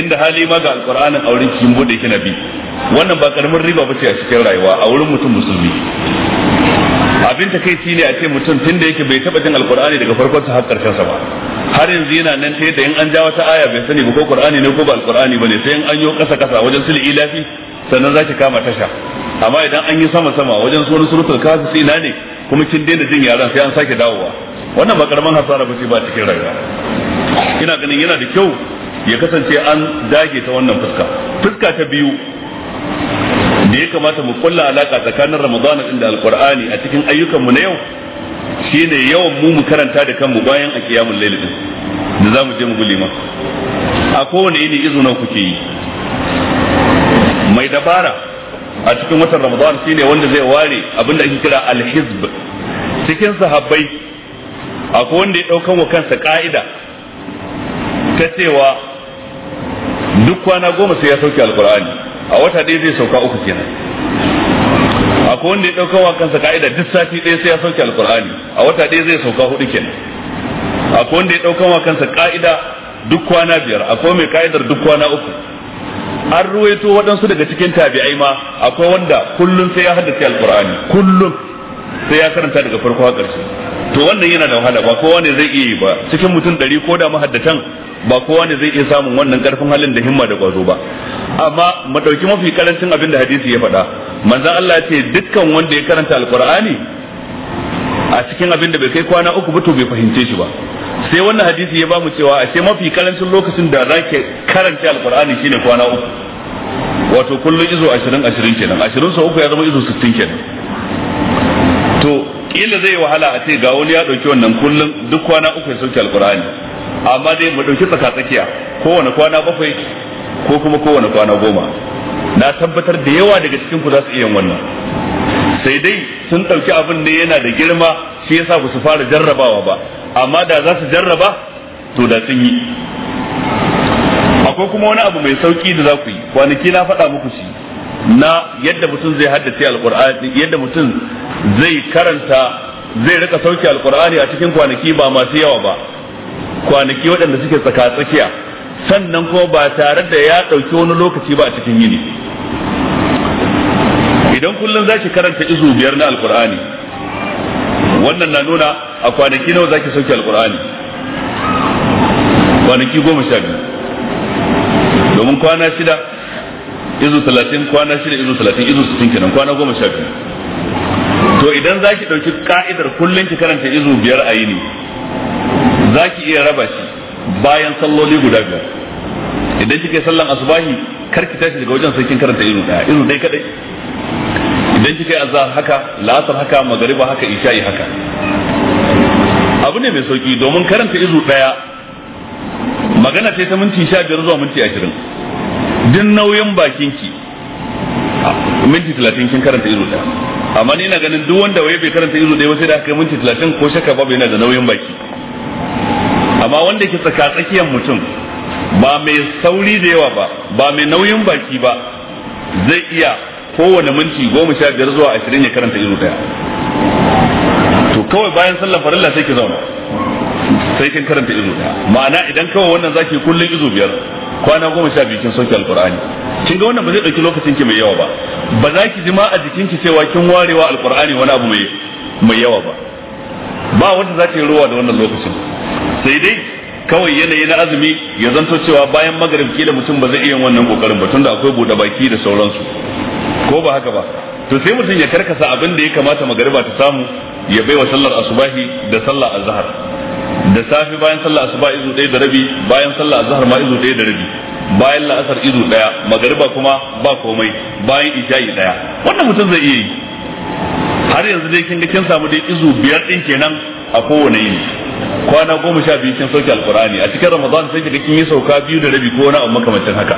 Speaker 1: inda hali ma ga alqur'anin auren kin bude kina bi wannan ba karamin riba ba ce a cikin rayuwa a wurin mutum musulmi abin ta kai ne a ce mutum tun da yake bai taba jin alqur'ani daga farkon sa har karshen sa ba har yanzu yana nan ta yadda in an ja wata aya bai sani ba ko qur'ani ne ko ba alqur'ani bane sai in an yo kasa kasa wajen sul ilafi sannan zaki kama tasha amma idan an yi sama sama wajen sunan suratul kafi sai ina ne kuma kin daina jin yaran sai an sake dawowa wannan ba karaman hasara ba ce ba cikin rayuwa ina ganin yana da kyau ya kasance an dage ta wannan fuska fuska ta biyu da ya kamata mu kulla alaka tsakanin ramadana din da alqur'ani a cikin ayyukan mu na yau shine yawan mu mu karanta da kanmu bayan a kiyamun layl da da zamu je mu gulima a kowane yini izuna kuke yi mai dabara a cikin watan ramadan shine wanda zai ware abinda ake kira al-hizb cikin sahabbai akwai wanda ya daukan wa kansa ka'ida ta cewa duk kwana goma sai ya sauke alkur'ani a wata ɗaya zai sauka uku kenan akwai wanda ya dauka wa kansa ka'ida duk sati ɗaya sai ya sauke alqur'ani a wata ɗaya zai sauka hudu kenan akwai wanda ya dauka wa kansa ka'ida duk kwana biyar akwai mai ka'idar duk kwana uku an ruwaito waɗansu daga cikin tabi'ai ma akwai wanda kullum sai ya haddace alqur'ani kullum sai ya karanta daga farko har ƙarshe to wannan yana da wahala ba kowa ne zai iya yi ba cikin mutum ɗari ko da mahaddatan ba kowa ne zai iya samun wannan karfin halin da himma da gwazo ba amma mu dauki mafi karancin abin da hadisi ya faɗa manzo Allah ya ce dukkan wanda ya karanta alqur'ani a cikin abin da bai kai kwana uku ba to bai fahimce shi ba sai wannan hadisi ya bamu cewa a ce mafi karancin lokacin da zake karanta alqur'ani shine kwana uku wato kullun izo 20 20 kenan 20 sau uku ya zama izo 60 kenan to kila zai wahala a ce ga wani ya dauki wannan kullun duk kwana uku ya sauke alqur'ani amma dai mu ɗauki tsaka tsakiya kowane kwana bakwai ko kuma kowane kwana goma na tabbatar da yawa daga cikin ku za su iya wannan sai dai sun ɗauki abin ne yana da girma shi yasa ku su fara jarrabawa ba amma da za su jarraba to da sun yi akwai kuma wani abu mai sauki da za ku yi kwanaki na faɗa muku shi na yadda mutum zai haddace alqur'ani yadda mutum zai karanta zai rika sauki alkur'ani a cikin kwanaki ba masu yawa ba kwanaki waɗanda suke tsaka tsakiya sannan kuma ba tare da ya ɗauki wani lokaci ba a cikin yini idan kullum za ki karanta izu biyar na alkur'ani wannan na nuna a kwanaki nawa za ki sauke alkur'ani kwanaki goma sha biyu domin kwana shida izu talatin kwana shida izu talatin izu sittin kenan kwana goma sha biyu to idan za ki ɗauki ka'idar kullum ki karanta izu biyar a yini za ki iya raba shi bayan salloli guda biyar idan kike sallan asubahi kar ki tashi daga wajen sai kin karanta irin daya irin dai kadai idan kike yi azhar haka la'asar haka magariba haka isha'i haka abu ne mai sauki domin karanta izu daya magana ce ta minti sha biyar zuwa minti ashirin duk nauyin bakin ki, minti talatin kin karanta izu daya amma ni na ganin duk wanda waye bai karanta izu daya sai da kai minti talatin ko shakka babu yana da nauyin baki amma wanda ke tsaka tsakiyar mutum ba mai sauri da yawa ba ba mai nauyin baki ba zai iya kowane minti goma sha biyar zuwa ashirin ya karanta izu daya to kawai bayan sallar farilla sai ki zauna sai kin karanta izu daya ma'ana idan kawai wannan zaki kullun izu biyar kwana goma sha biyu kin soke alqur'ani kin ga wannan ba zai dauki lokacin ki mai yawa ba ba za ki ji ma a jikin ki cewa kin warewa alqur'ani wani abu mai mai yawa ba ba wanda za yi ruwa da wannan lokacin sai dai kawai yanayi na azumi ya zanto cewa bayan magarib kila mutum ba zai iya wannan kokarin ba tunda akwai buɗe baki da sauransu ko ba haka ba to sai mutum ya karkasa abin da ya kamata magariba ta samu ya baiwa sallar asubahi da sallar azhar da safi bayan sallar asuba izu ɗaya da rabi bayan sallar azhar ma izu ɗaya da rabi bayan la'asar izu ɗaya magariba kuma ba komai bayan isha'i ɗaya wannan mutum zai iya yi har yanzu dai kin ga kin samu dai izu biyar ɗin kenan a kowane yini kwana goma sha biyu kin sauke alkur'ani a cikin ramadan sai kiga kin yi sauka biyu da rabi ko wani abu makamancin haka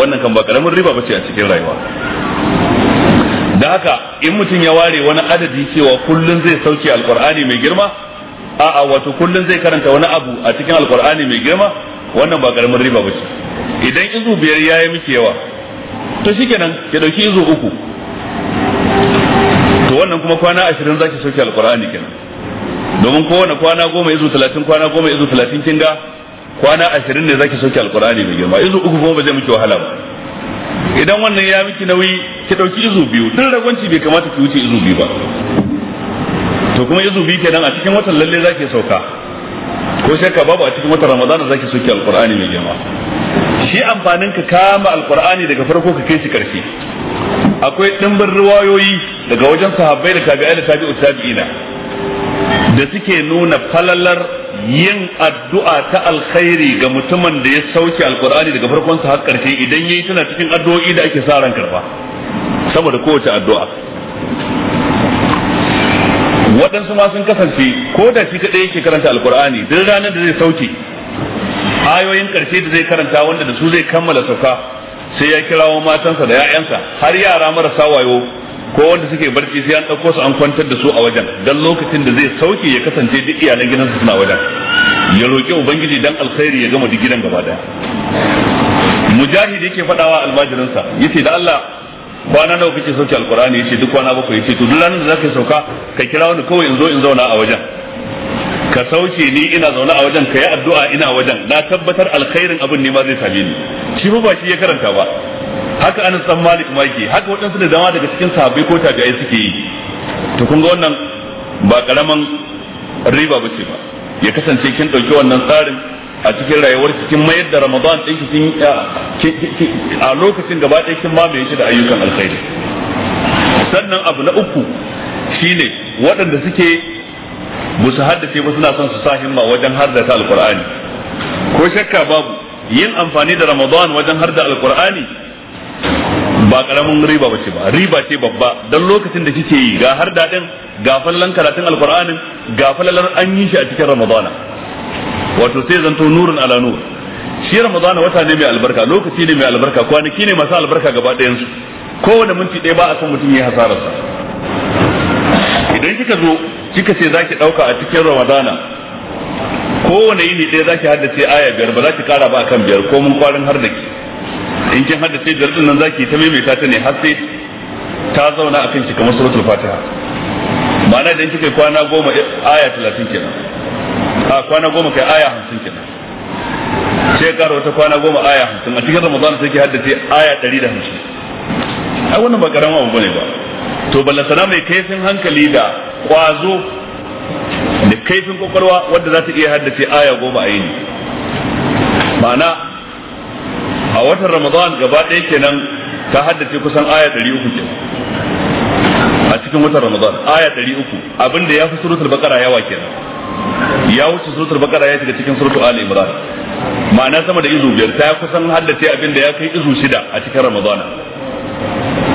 Speaker 1: wannan kan ba karamin riba bace a cikin rayuwa da haka in mutum ya ware wani adadi cewa kullun zai sauke alkur'ani mai girma a'a wato kullun zai karanta wani abu a cikin alkur'ani mai girma wannan ba karamin riba bace idan izu biyar yayi miki yawa to shikenan ki dauki izu uku to wannan kuma kwana 20 zaki sauke alqur'ani kenan domin kowane kwana goma izu talatin kwana goma izu talatin kin ga kwana ashirin ne zaki soke alkur'ani mai girma izu uku kuma ba zai miki wahala ba idan wannan ya miki nauyi ki ɗauki izu biyu duk ragwanci bai kamata ki wuce izu biyu ba to kuma izu biyu kenan a cikin watan lalle zaki sauka ko shakka babu a cikin watan ramadana zaki soke alkur'ani mai girma shi amfanin ka kama alkur'ani daga farko ka kai shi karshe akwai dimbin riwayoyi daga wajen sahabbai da tabi'ai da tabi'u tabi'ina da suke nuna falalar yin addu'a ta alkhairi ga mutumin da ya sauke alkur'ani daga farkon sa har karshe idan yayi tana cikin addu'o'i da ake sa ran karfa saboda kowace addu'a waɗansu ma sun kasance ko da shi kaɗai yake karanta alkur'ani duk ranar da zai sauke ayoyin karshe da zai karanta wanda da su zai kammala sauka sai ya kirawo matansa da 'ya'yansa har yara marasa wayo ko wanda suke barci sai an ɗauko su an kwantar da su a wajen dan lokacin da zai sauke ya kasance duk iyalan gidansa suna wajen ya roƙi ubangiji dan alkhairi ya gama duk gidan gaba daya mujahid yake faɗawa almajirinsa yace da Allah kwana nawa kake sauke alqur'ani yace duk kwana bakwai yace to duk ranar da zaka sauka ka kira wani kawai in zo in zauna a wajen ka sauke ni ina zauna a wajen ka yi addu'a ina wajen na tabbatar alkhairin abin ne ma zai same ni shi ba shi ya karanta ba haka anas dan malik ma yake haka waɗansu da dama daga cikin sahabbai ko tabi'ai suke yi to kun ga wannan ba karaman riba ba ce ba ya kasance kin ɗauki wannan tsarin a cikin rayuwar kin mayar da ramadan ɗin kin a lokacin gaba ɗaya kin mamaye shi da ayyukan alkhairi sannan abu na uku shine waɗanda suke ba su haddace ba suna son su sa himma wajen haddata alkur'ani ko shakka babu yin amfani da ramadan wajen harda alkur'ani ba karamin riba ba ce ba riba ce babba dan lokacin da kike yi ga har dadin ga fallan karatun alqur'anin ga fallalar an yi shi a cikin ramadana wato sai zanto nurun ala nur shi ramadana wata ne mai albarka lokaci ne mai albarka kwanaki ne masu albarka gaba ɗayan su kowane minti ɗaya ba a san mutum ya sa. idan kika zo kika ce zaki dauka a cikin ramadana kowane yini ɗaya zaki haddace aya biyar ba za ki kara ba akan biyar ko mun kwarin har da ki in kin hada biyar din nan zaki ta maimaita ta ne har sai ta zauna akan ki kamar suratul fatiha ma'ana idan kika kwana goma eh, aya talatin kenan a kwana goma kai aya hamsin kenan sai karo wata kwana goma aya hamsin a cikin ramadan sai ki haddace aya ɗari da hamsin ai wannan ba karamin abu bane ba to sana mai kaifin hankali da kwazo da kaifin kwakwalwa wadda za ta iya haddace aya goma a yini ma'ana a watan ramadan gaba ɗaya kenan ta haddace kusan aya ɗari uku kenan a cikin watan ramadan aya ɗari uku. abinda ya fi surutar bakara yawa kenan ya wuce surutar bakara ya shiga cikin surutu ali imran ma'ana sama da izu biyar ta kusan haddace abinda ya kai izu shida a cikin ramadana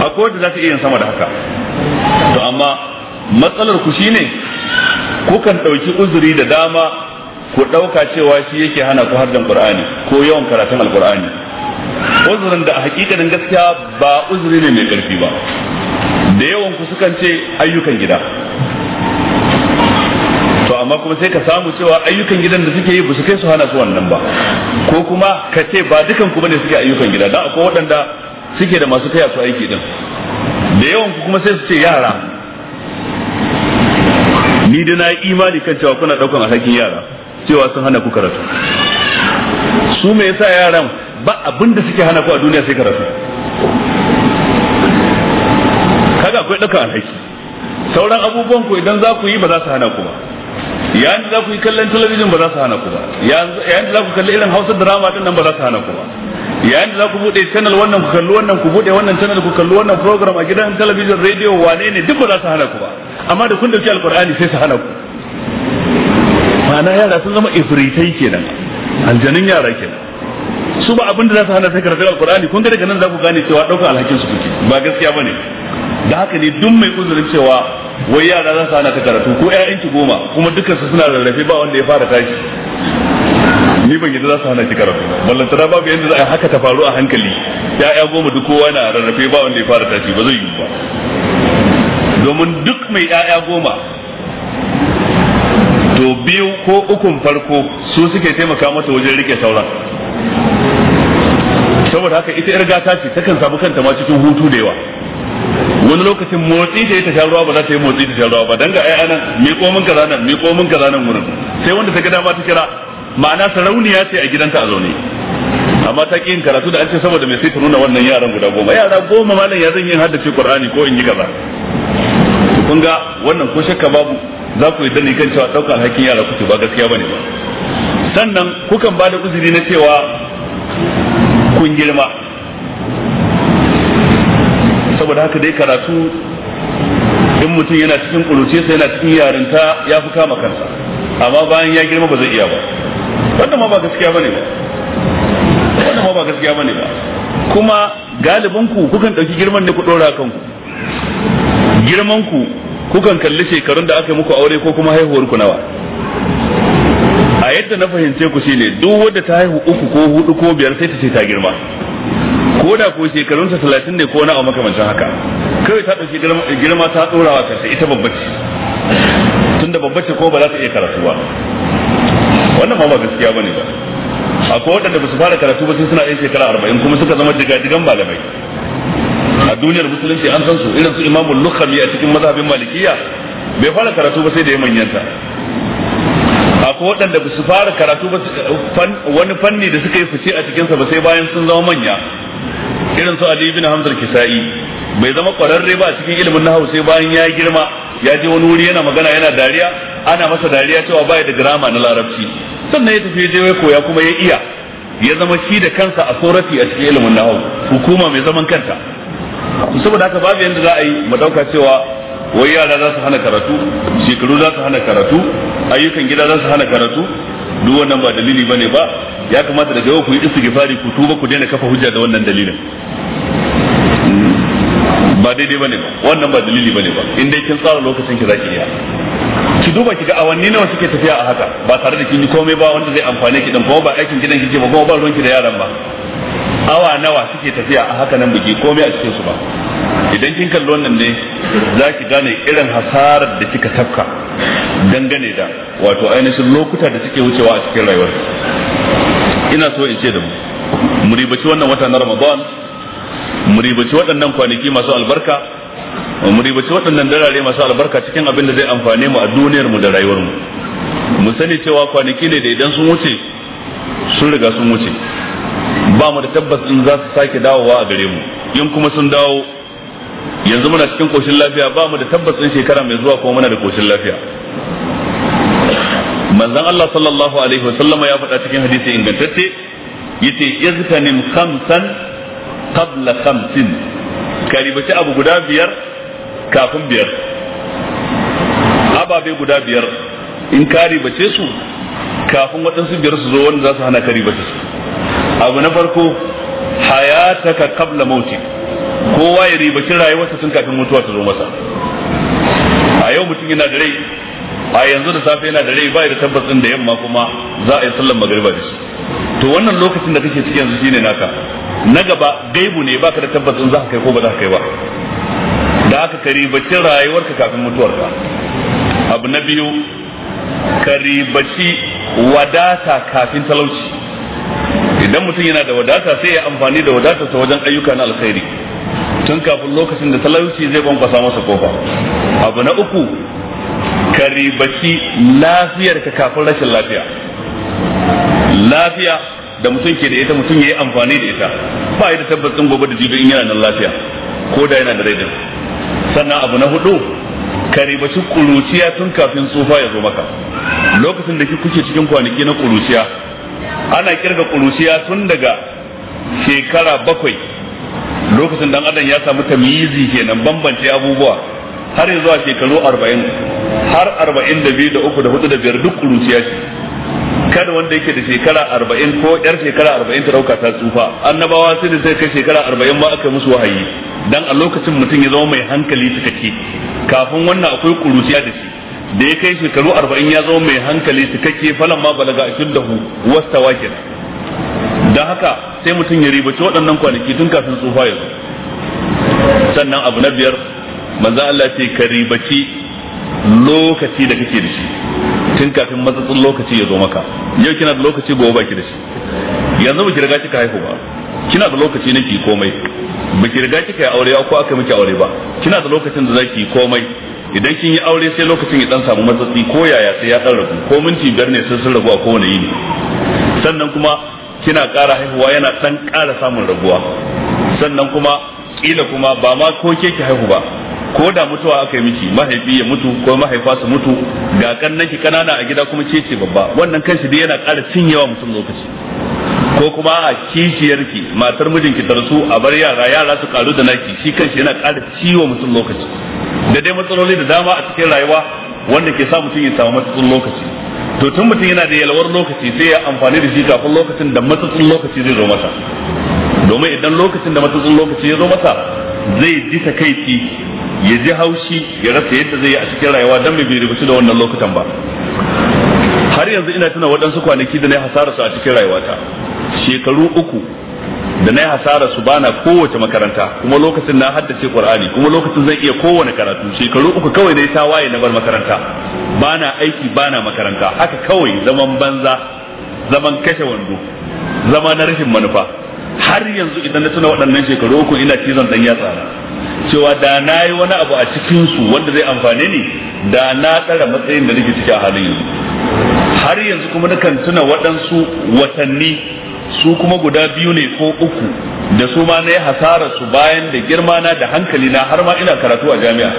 Speaker 1: akwai wanda za ta iya yin sama da haka to amma matsalar ku shine kukan ɗauki uzuri da dama ku ɗauka cewa shi yake hana ku harjan qur'ani ko yawan karatun alqur'ani uzurin da a hakikanin gaskiya ba uzuri ne mai karfi ba da yawan ku sukan ce ayyukan gida to amma kuma sai ka samu cewa ayyukan gidan da suke yi ba su kai su hana su wannan ba ko kuma ka ce ba dukan ku bane suke ayyukan gida dan akwai waɗanda suke da masu kai su aiki din da yawan ku kuma sai su ce yara ni da na imani kan cewa kuna daukan alhakin yara cewa sun hana ku karatu su me yasa yaran ba abin da suke hana ku a duniya sai karatu kaga akwai ɗaukar alhaki sauran abubuwan ku idan za ku yi ba za su hana ku ba yayin da za ku yi kallon talabijin ba za su hana ku ba yayin da za ku kalli irin hausa drama din nan ba za su hana ku ba yayin da za ku bude channel wannan ku kalli wannan ku bude wannan channel ku kalli wannan program a gidan talabijin radio wane ne duk ba za su hana ku ba amma da kun dauki alqur'ani sai su hana ku ma'ana yara sun zama ifritai kenan aljanun yara kenan su ba abin da za su hana sai karatun alkur'ani kun ga daga nan za ku gane cewa ɗaukar alhakin su kuke ba gaskiya ba ne da haka ne duk mai uzurin cewa wai yara za su hana ta karatu ko ƴaƴanki goma kuma dukkan su suna rarrafe ba wanda ya fara tashi ni ban yadda za su hana ki karatu ballantana babu yadda za a haka ta faru a hankali ƴaƴa goma duk kowa na rarrafe ba wanda ya fara tashi ba zai yi ba domin duk mai ƴaƴa goma to biyu ko ukun farko su suke taimaka mata wajen rike sauran saboda haka ita yar gata ce takan samu kanta ma cikin hutu da yawa wani lokacin motsi da ita sha ruwa ba za ta yi motsi da sha ruwa ba danga ai anan mi mun kaza nan mi mun kaza nan wurin sai wanda ta ga dama ta kira ma'ana sarauniya ce a gidanta a zaune amma ta ki yin karatu da an ce saboda mai sai ta nuna wannan yaran guda goma yara goma malam ya zan yi haddace qur'ani ko in yi kaza kun ga wannan ko shakka babu za ku yi dani kan cewa daukar alhakin yara kuke ba gaskiya bane ba sannan kukan ba da uzuri na cewa kun girma saboda haka dai karatu in mutum yana cikin ƙuruce sai yana cikin yarinta ya fi kama kansa amma bayan ya girma ba zai iya ba wannan ma ba gaskiya bane ba wannan ma ba gaskiya bane ba kuma galibin ku kukan ɗauki girman ne ku ɗora kanku girman ku kukan kalli shekarun da aka muku aure ko kuma haihuwar ku nawa yadda na fahimce ku shine duk wanda ta haihu uku ko hudu ko biyar sai ta ce ta girma ko da ko ta talatin ne ko na abu makamancin haka kawai ta dauki girma ta tsorawa kanta ita babbace tunda babbace ko ba za ta iya karatu ba wannan ma ba gaskiya bane ba akwai wadanda ba su fara karatu ba sai suna yin shekara arba'in kuma suka zama digadigan malamai a duniyar musulunci an san su irin su imamul lukhami a cikin mazhabin malikiya bai fara karatu ba sai da ya manyanta akwai waɗanda ba su fara karatu ba wani fanni da suka yi fice a cikinsa ba sai bayan sun zama manya irin su Ali ibn Hamza Kisa'i bai zama ƙwararre ba a cikin ilimin nahawu sai bayan ya girma ya je wani wuri yana magana yana dariya ana masa dariya cewa baya da grammar na larabci sannan ya tafi je ya koya kuma ya iya ya zama shi da kansa a sorati a cikin ilimin nahawu hukuma mai zaman kanta saboda haka babu yadda za a yi mu dauka cewa wai yara za su hana karatu shekaru za su hana karatu ayyukan gida za su hana karatu duk wannan ba dalili bane ba ya kamata daga yau ku yi istighfari ku tuba ku daina kafa hujja da wannan dalilin ba daidai bane ba wannan ba dalili bane ba in dai kin tsara lokacin ki zaki iya ki duba ki ga awanni nawa suke tafiya a haka ba tare da kin yi komai ba wanda zai amfane ki dan kuma ba aikin gidan kike ba kuma ba ki da yaran ba awa nawa suke tafiya a haka nan biki komai a cikin su ba idan kin kalli wannan ne za ki gane irin hasarar da kika tafka dangane da wato ainihin lokuta da suke wucewa a cikin rayuwar ina so in ce da mu mu ribaci wannan wata na Ramadan mu ribaci waɗannan kwanaki masu albarka mu ribaci waɗannan darare masu albarka cikin abin da zai amfane mu a duniyar mu da rayuwar mu mu sani cewa kwanaki ne da idan sun wuce sun riga sun wuce ba mu da tabbas in za su sake dawowa a gare mu in kuma sun dawo yanzu muna cikin koshin lafiya ba mu da tabbacin shekara mai zuwa kuma muna da koshin lafiya manzon Allah sallallahu alaihi wasallama ya faɗa cikin hadisi ingantacce yace iztanim khamsan qabla khamsin ka ribaci abu guda biyar kafin biyar ababe guda biyar in ka ribace su kafin waɗansu biyar su zo wanda za su hana kari ribace su abu na farko hayataka qabla mautik kowa ya rayuwar rayuwarsa tun kafin mutuwa ta zo masa a yau mutum yana da rai a yanzu da safe yana da rai bai da tabbas din da yamma kuma za a yi sallar magariba da shi to wannan lokacin da kake ciki yanzu shine naka na gaba gaibu ne baka da tabbas din za ka kai ko ba za ka kai ba da aka ka rayuwar rayuwarka kafin mutuwarka abu na biyu ka ribaci wadata kafin talauci idan mutum yana da wadata sai ya amfani da wadata ta wajen ayyuka na alkhairi tun kafin lokacin da talauci zai kwankwasa masa kofa abu na uku ka ribaci lafiyarka kafin rashin lafiya lafiya da mutum ke da ita mutum ya yi amfani da ita ba yi da tabbacin gobe da jibin yana nan lafiya ko da yana da raidin sannan abu na hudu ka ribaci kuruciya tun kafin tsufa ya zo maka lokacin da kuke cikin kwanaki na kuruciya ana kirga kuruciya tun daga shekara bakwai lokacin dan adam ya samu tamyizi kenan bambance abubuwa har yanzu a shekaru 40 har 42 da 3 da 4 da 5 duk kuruciya ce kada wanda yake da shekara 40 ko yar shekara 40 ta dauka ta tsufa annabawa sai da sai kai shekara 40 ba aka musu wahayi dan a lokacin mutum ya zama mai hankali cikakke kafin wannan akwai kuruciya da shi da ya kai shekaru 40 ya zama mai hankali cikakke falan ma balaga da hu wasta kenan dan haka sai mutum ya ribaci waɗannan kwanaki tun kafin tsufa ya zo sannan abu na biyar manzo Allah ce ka ribaci lokaci da kake da shi tun kafin matsatsin lokaci ya zo maka yau kina da lokaci gobe baki da shi yanzu baki riga kika haihu ba kina da lokaci na ki komai baki riga kika yi aure ko aka miki aure ba kina da lokacin da zaki yi komai idan kin yi aure sai lokacin ya dan samu matsatsi ko yaya sai ya dan rabu ko minti biyar ne sai sun rabu a kowane yini sannan kuma kina ƙara haihuwa yana ɗan ƙara samun raguwa sannan kuma ƙila kuma ba ma ko ke ki haihu ba ko da mutuwa aka yi miki mahaifi ya mutu ko mahaifa su mutu ga kannan ki kanana a gida kuma cece babba wannan kanshi dai yana ƙara cinyewa mutum lokaci ko kuma a kishiyarki matar mijinki rasu a bar yara yara su karu da naki shi kanshi yana ƙara ciwo mutum lokaci da dai matsaloli da dama a cikin rayuwa wanda ke sa mutum ya samu matsalolin lokaci to tun mutum yana da yalwar lokaci sai ya amfani da shi kafin lokacin da matsatsin lokaci zai zo masa domin idan lokacin da matsatsin lokaci ya zo masa zai ji ta kaici ya ji haushi ya rasa yadda zai yi a cikin rayuwa don bai rubutu da wannan lokutan ba har yanzu ina tuna waɗansu kwanaki da na hasara su a cikin rayuwata shekaru uku da na yi hasara su bana kowace makaranta kuma lokacin na haddace qur'ani kuma lokacin zai iya kowane karatu shekaru uku kawai dai ta waye na bar makaranta bana aiki bana makaranta haka kawai zaman banza zaman kashe wando zama na rashin manufa har yanzu idan na tuna waɗannan shekaru uku ina cizon dan yatsa cewa da na yi wani abu a cikin su wanda zai amfane ni da na tsara matsayin da nake ciki a halin yanzu har yanzu kuma nakan tuna waɗansu watanni su kuma guda biyu ne ko uku da su ma na yi hasara su bayan da girma na da hankali na har ma ina karatu a jami'a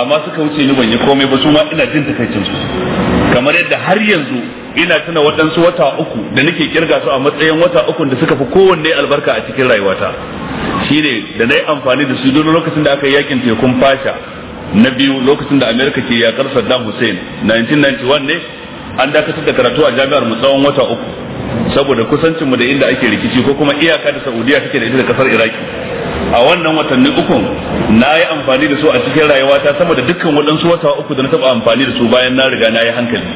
Speaker 1: amma suka wuce ni ban yi komai ba su ma ina jin takaicin su kamar yadda har yanzu ina tuna waɗansu wata uku da nake kirga su a matsayin wata uku da suka fi kowanne albarka a cikin rayuwata shine da na yi amfani da su don lokacin da aka yi yakin tekun fasha na biyu lokacin da amerika ke yakar saddam hussein 1991 ne an dakatar da karatu a jami'ar mu tsawon wata uku saboda kusancin mu da inda ake rikici ko kuma iyaka da Saudiya take da ita da kasar Iraki a wannan watanni uku na yi amfani da su a cikin rayuwata sama da dukkan waɗansu wata uku da na taɓa amfani da su bayan na riga na yi hankali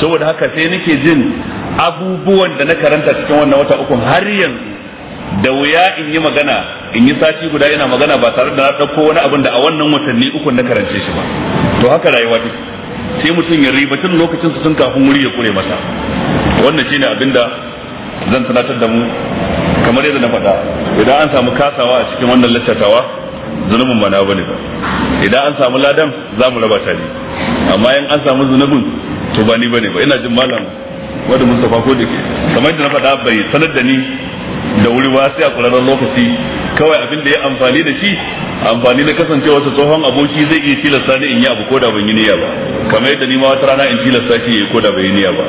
Speaker 1: saboda haka sai nake jin abubuwan da na karanta cikin wannan wata uku har yanzu da wuya in yi magana in yi sati guda yana magana ba tare da na ɗauko wani abin da a wannan watanni uku na karance shi ba to haka rayuwa take sai mutum ya ribatin lokacin sun kafin wuri ya kure masa wannan shine abin da zan tunatar da mu kamar yadda na faɗa idan an samu kasawa a cikin wannan lattatawa zunubin ba na bane ba idan an samu ladan za mu raba ta ne amma in an samu zunubin to ba ni bane ba ina jin malam wanda Mustafa ko dake kamar yadda na faɗa bai sanar da ni da wuri ba sai a kurarren lokaci kawai abin da ya amfani da shi amfani na kasance wata tsohon aboki zai iya tilasta ni in yi abu ko da ban yi niyya ba kamar yadda ni ma wata rana in tilasta shi ya yi ko da ban yi niyya ba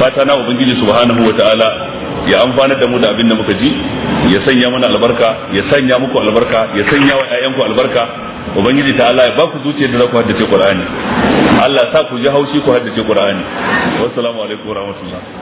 Speaker 1: fata na ubangiji subhanahu wataala ya amfana da mu da abin da muka ji ya sanya mana albarka ya sanya muku albarka ya sanya wa ƴaƴanku albarka ubangiji ta Allah ya ba ku zuciyar da za ku haddace Qur'ani Allah ya sa ku ji haushi ku haddace Qur'ani wassalamu alaikum warahmatullahi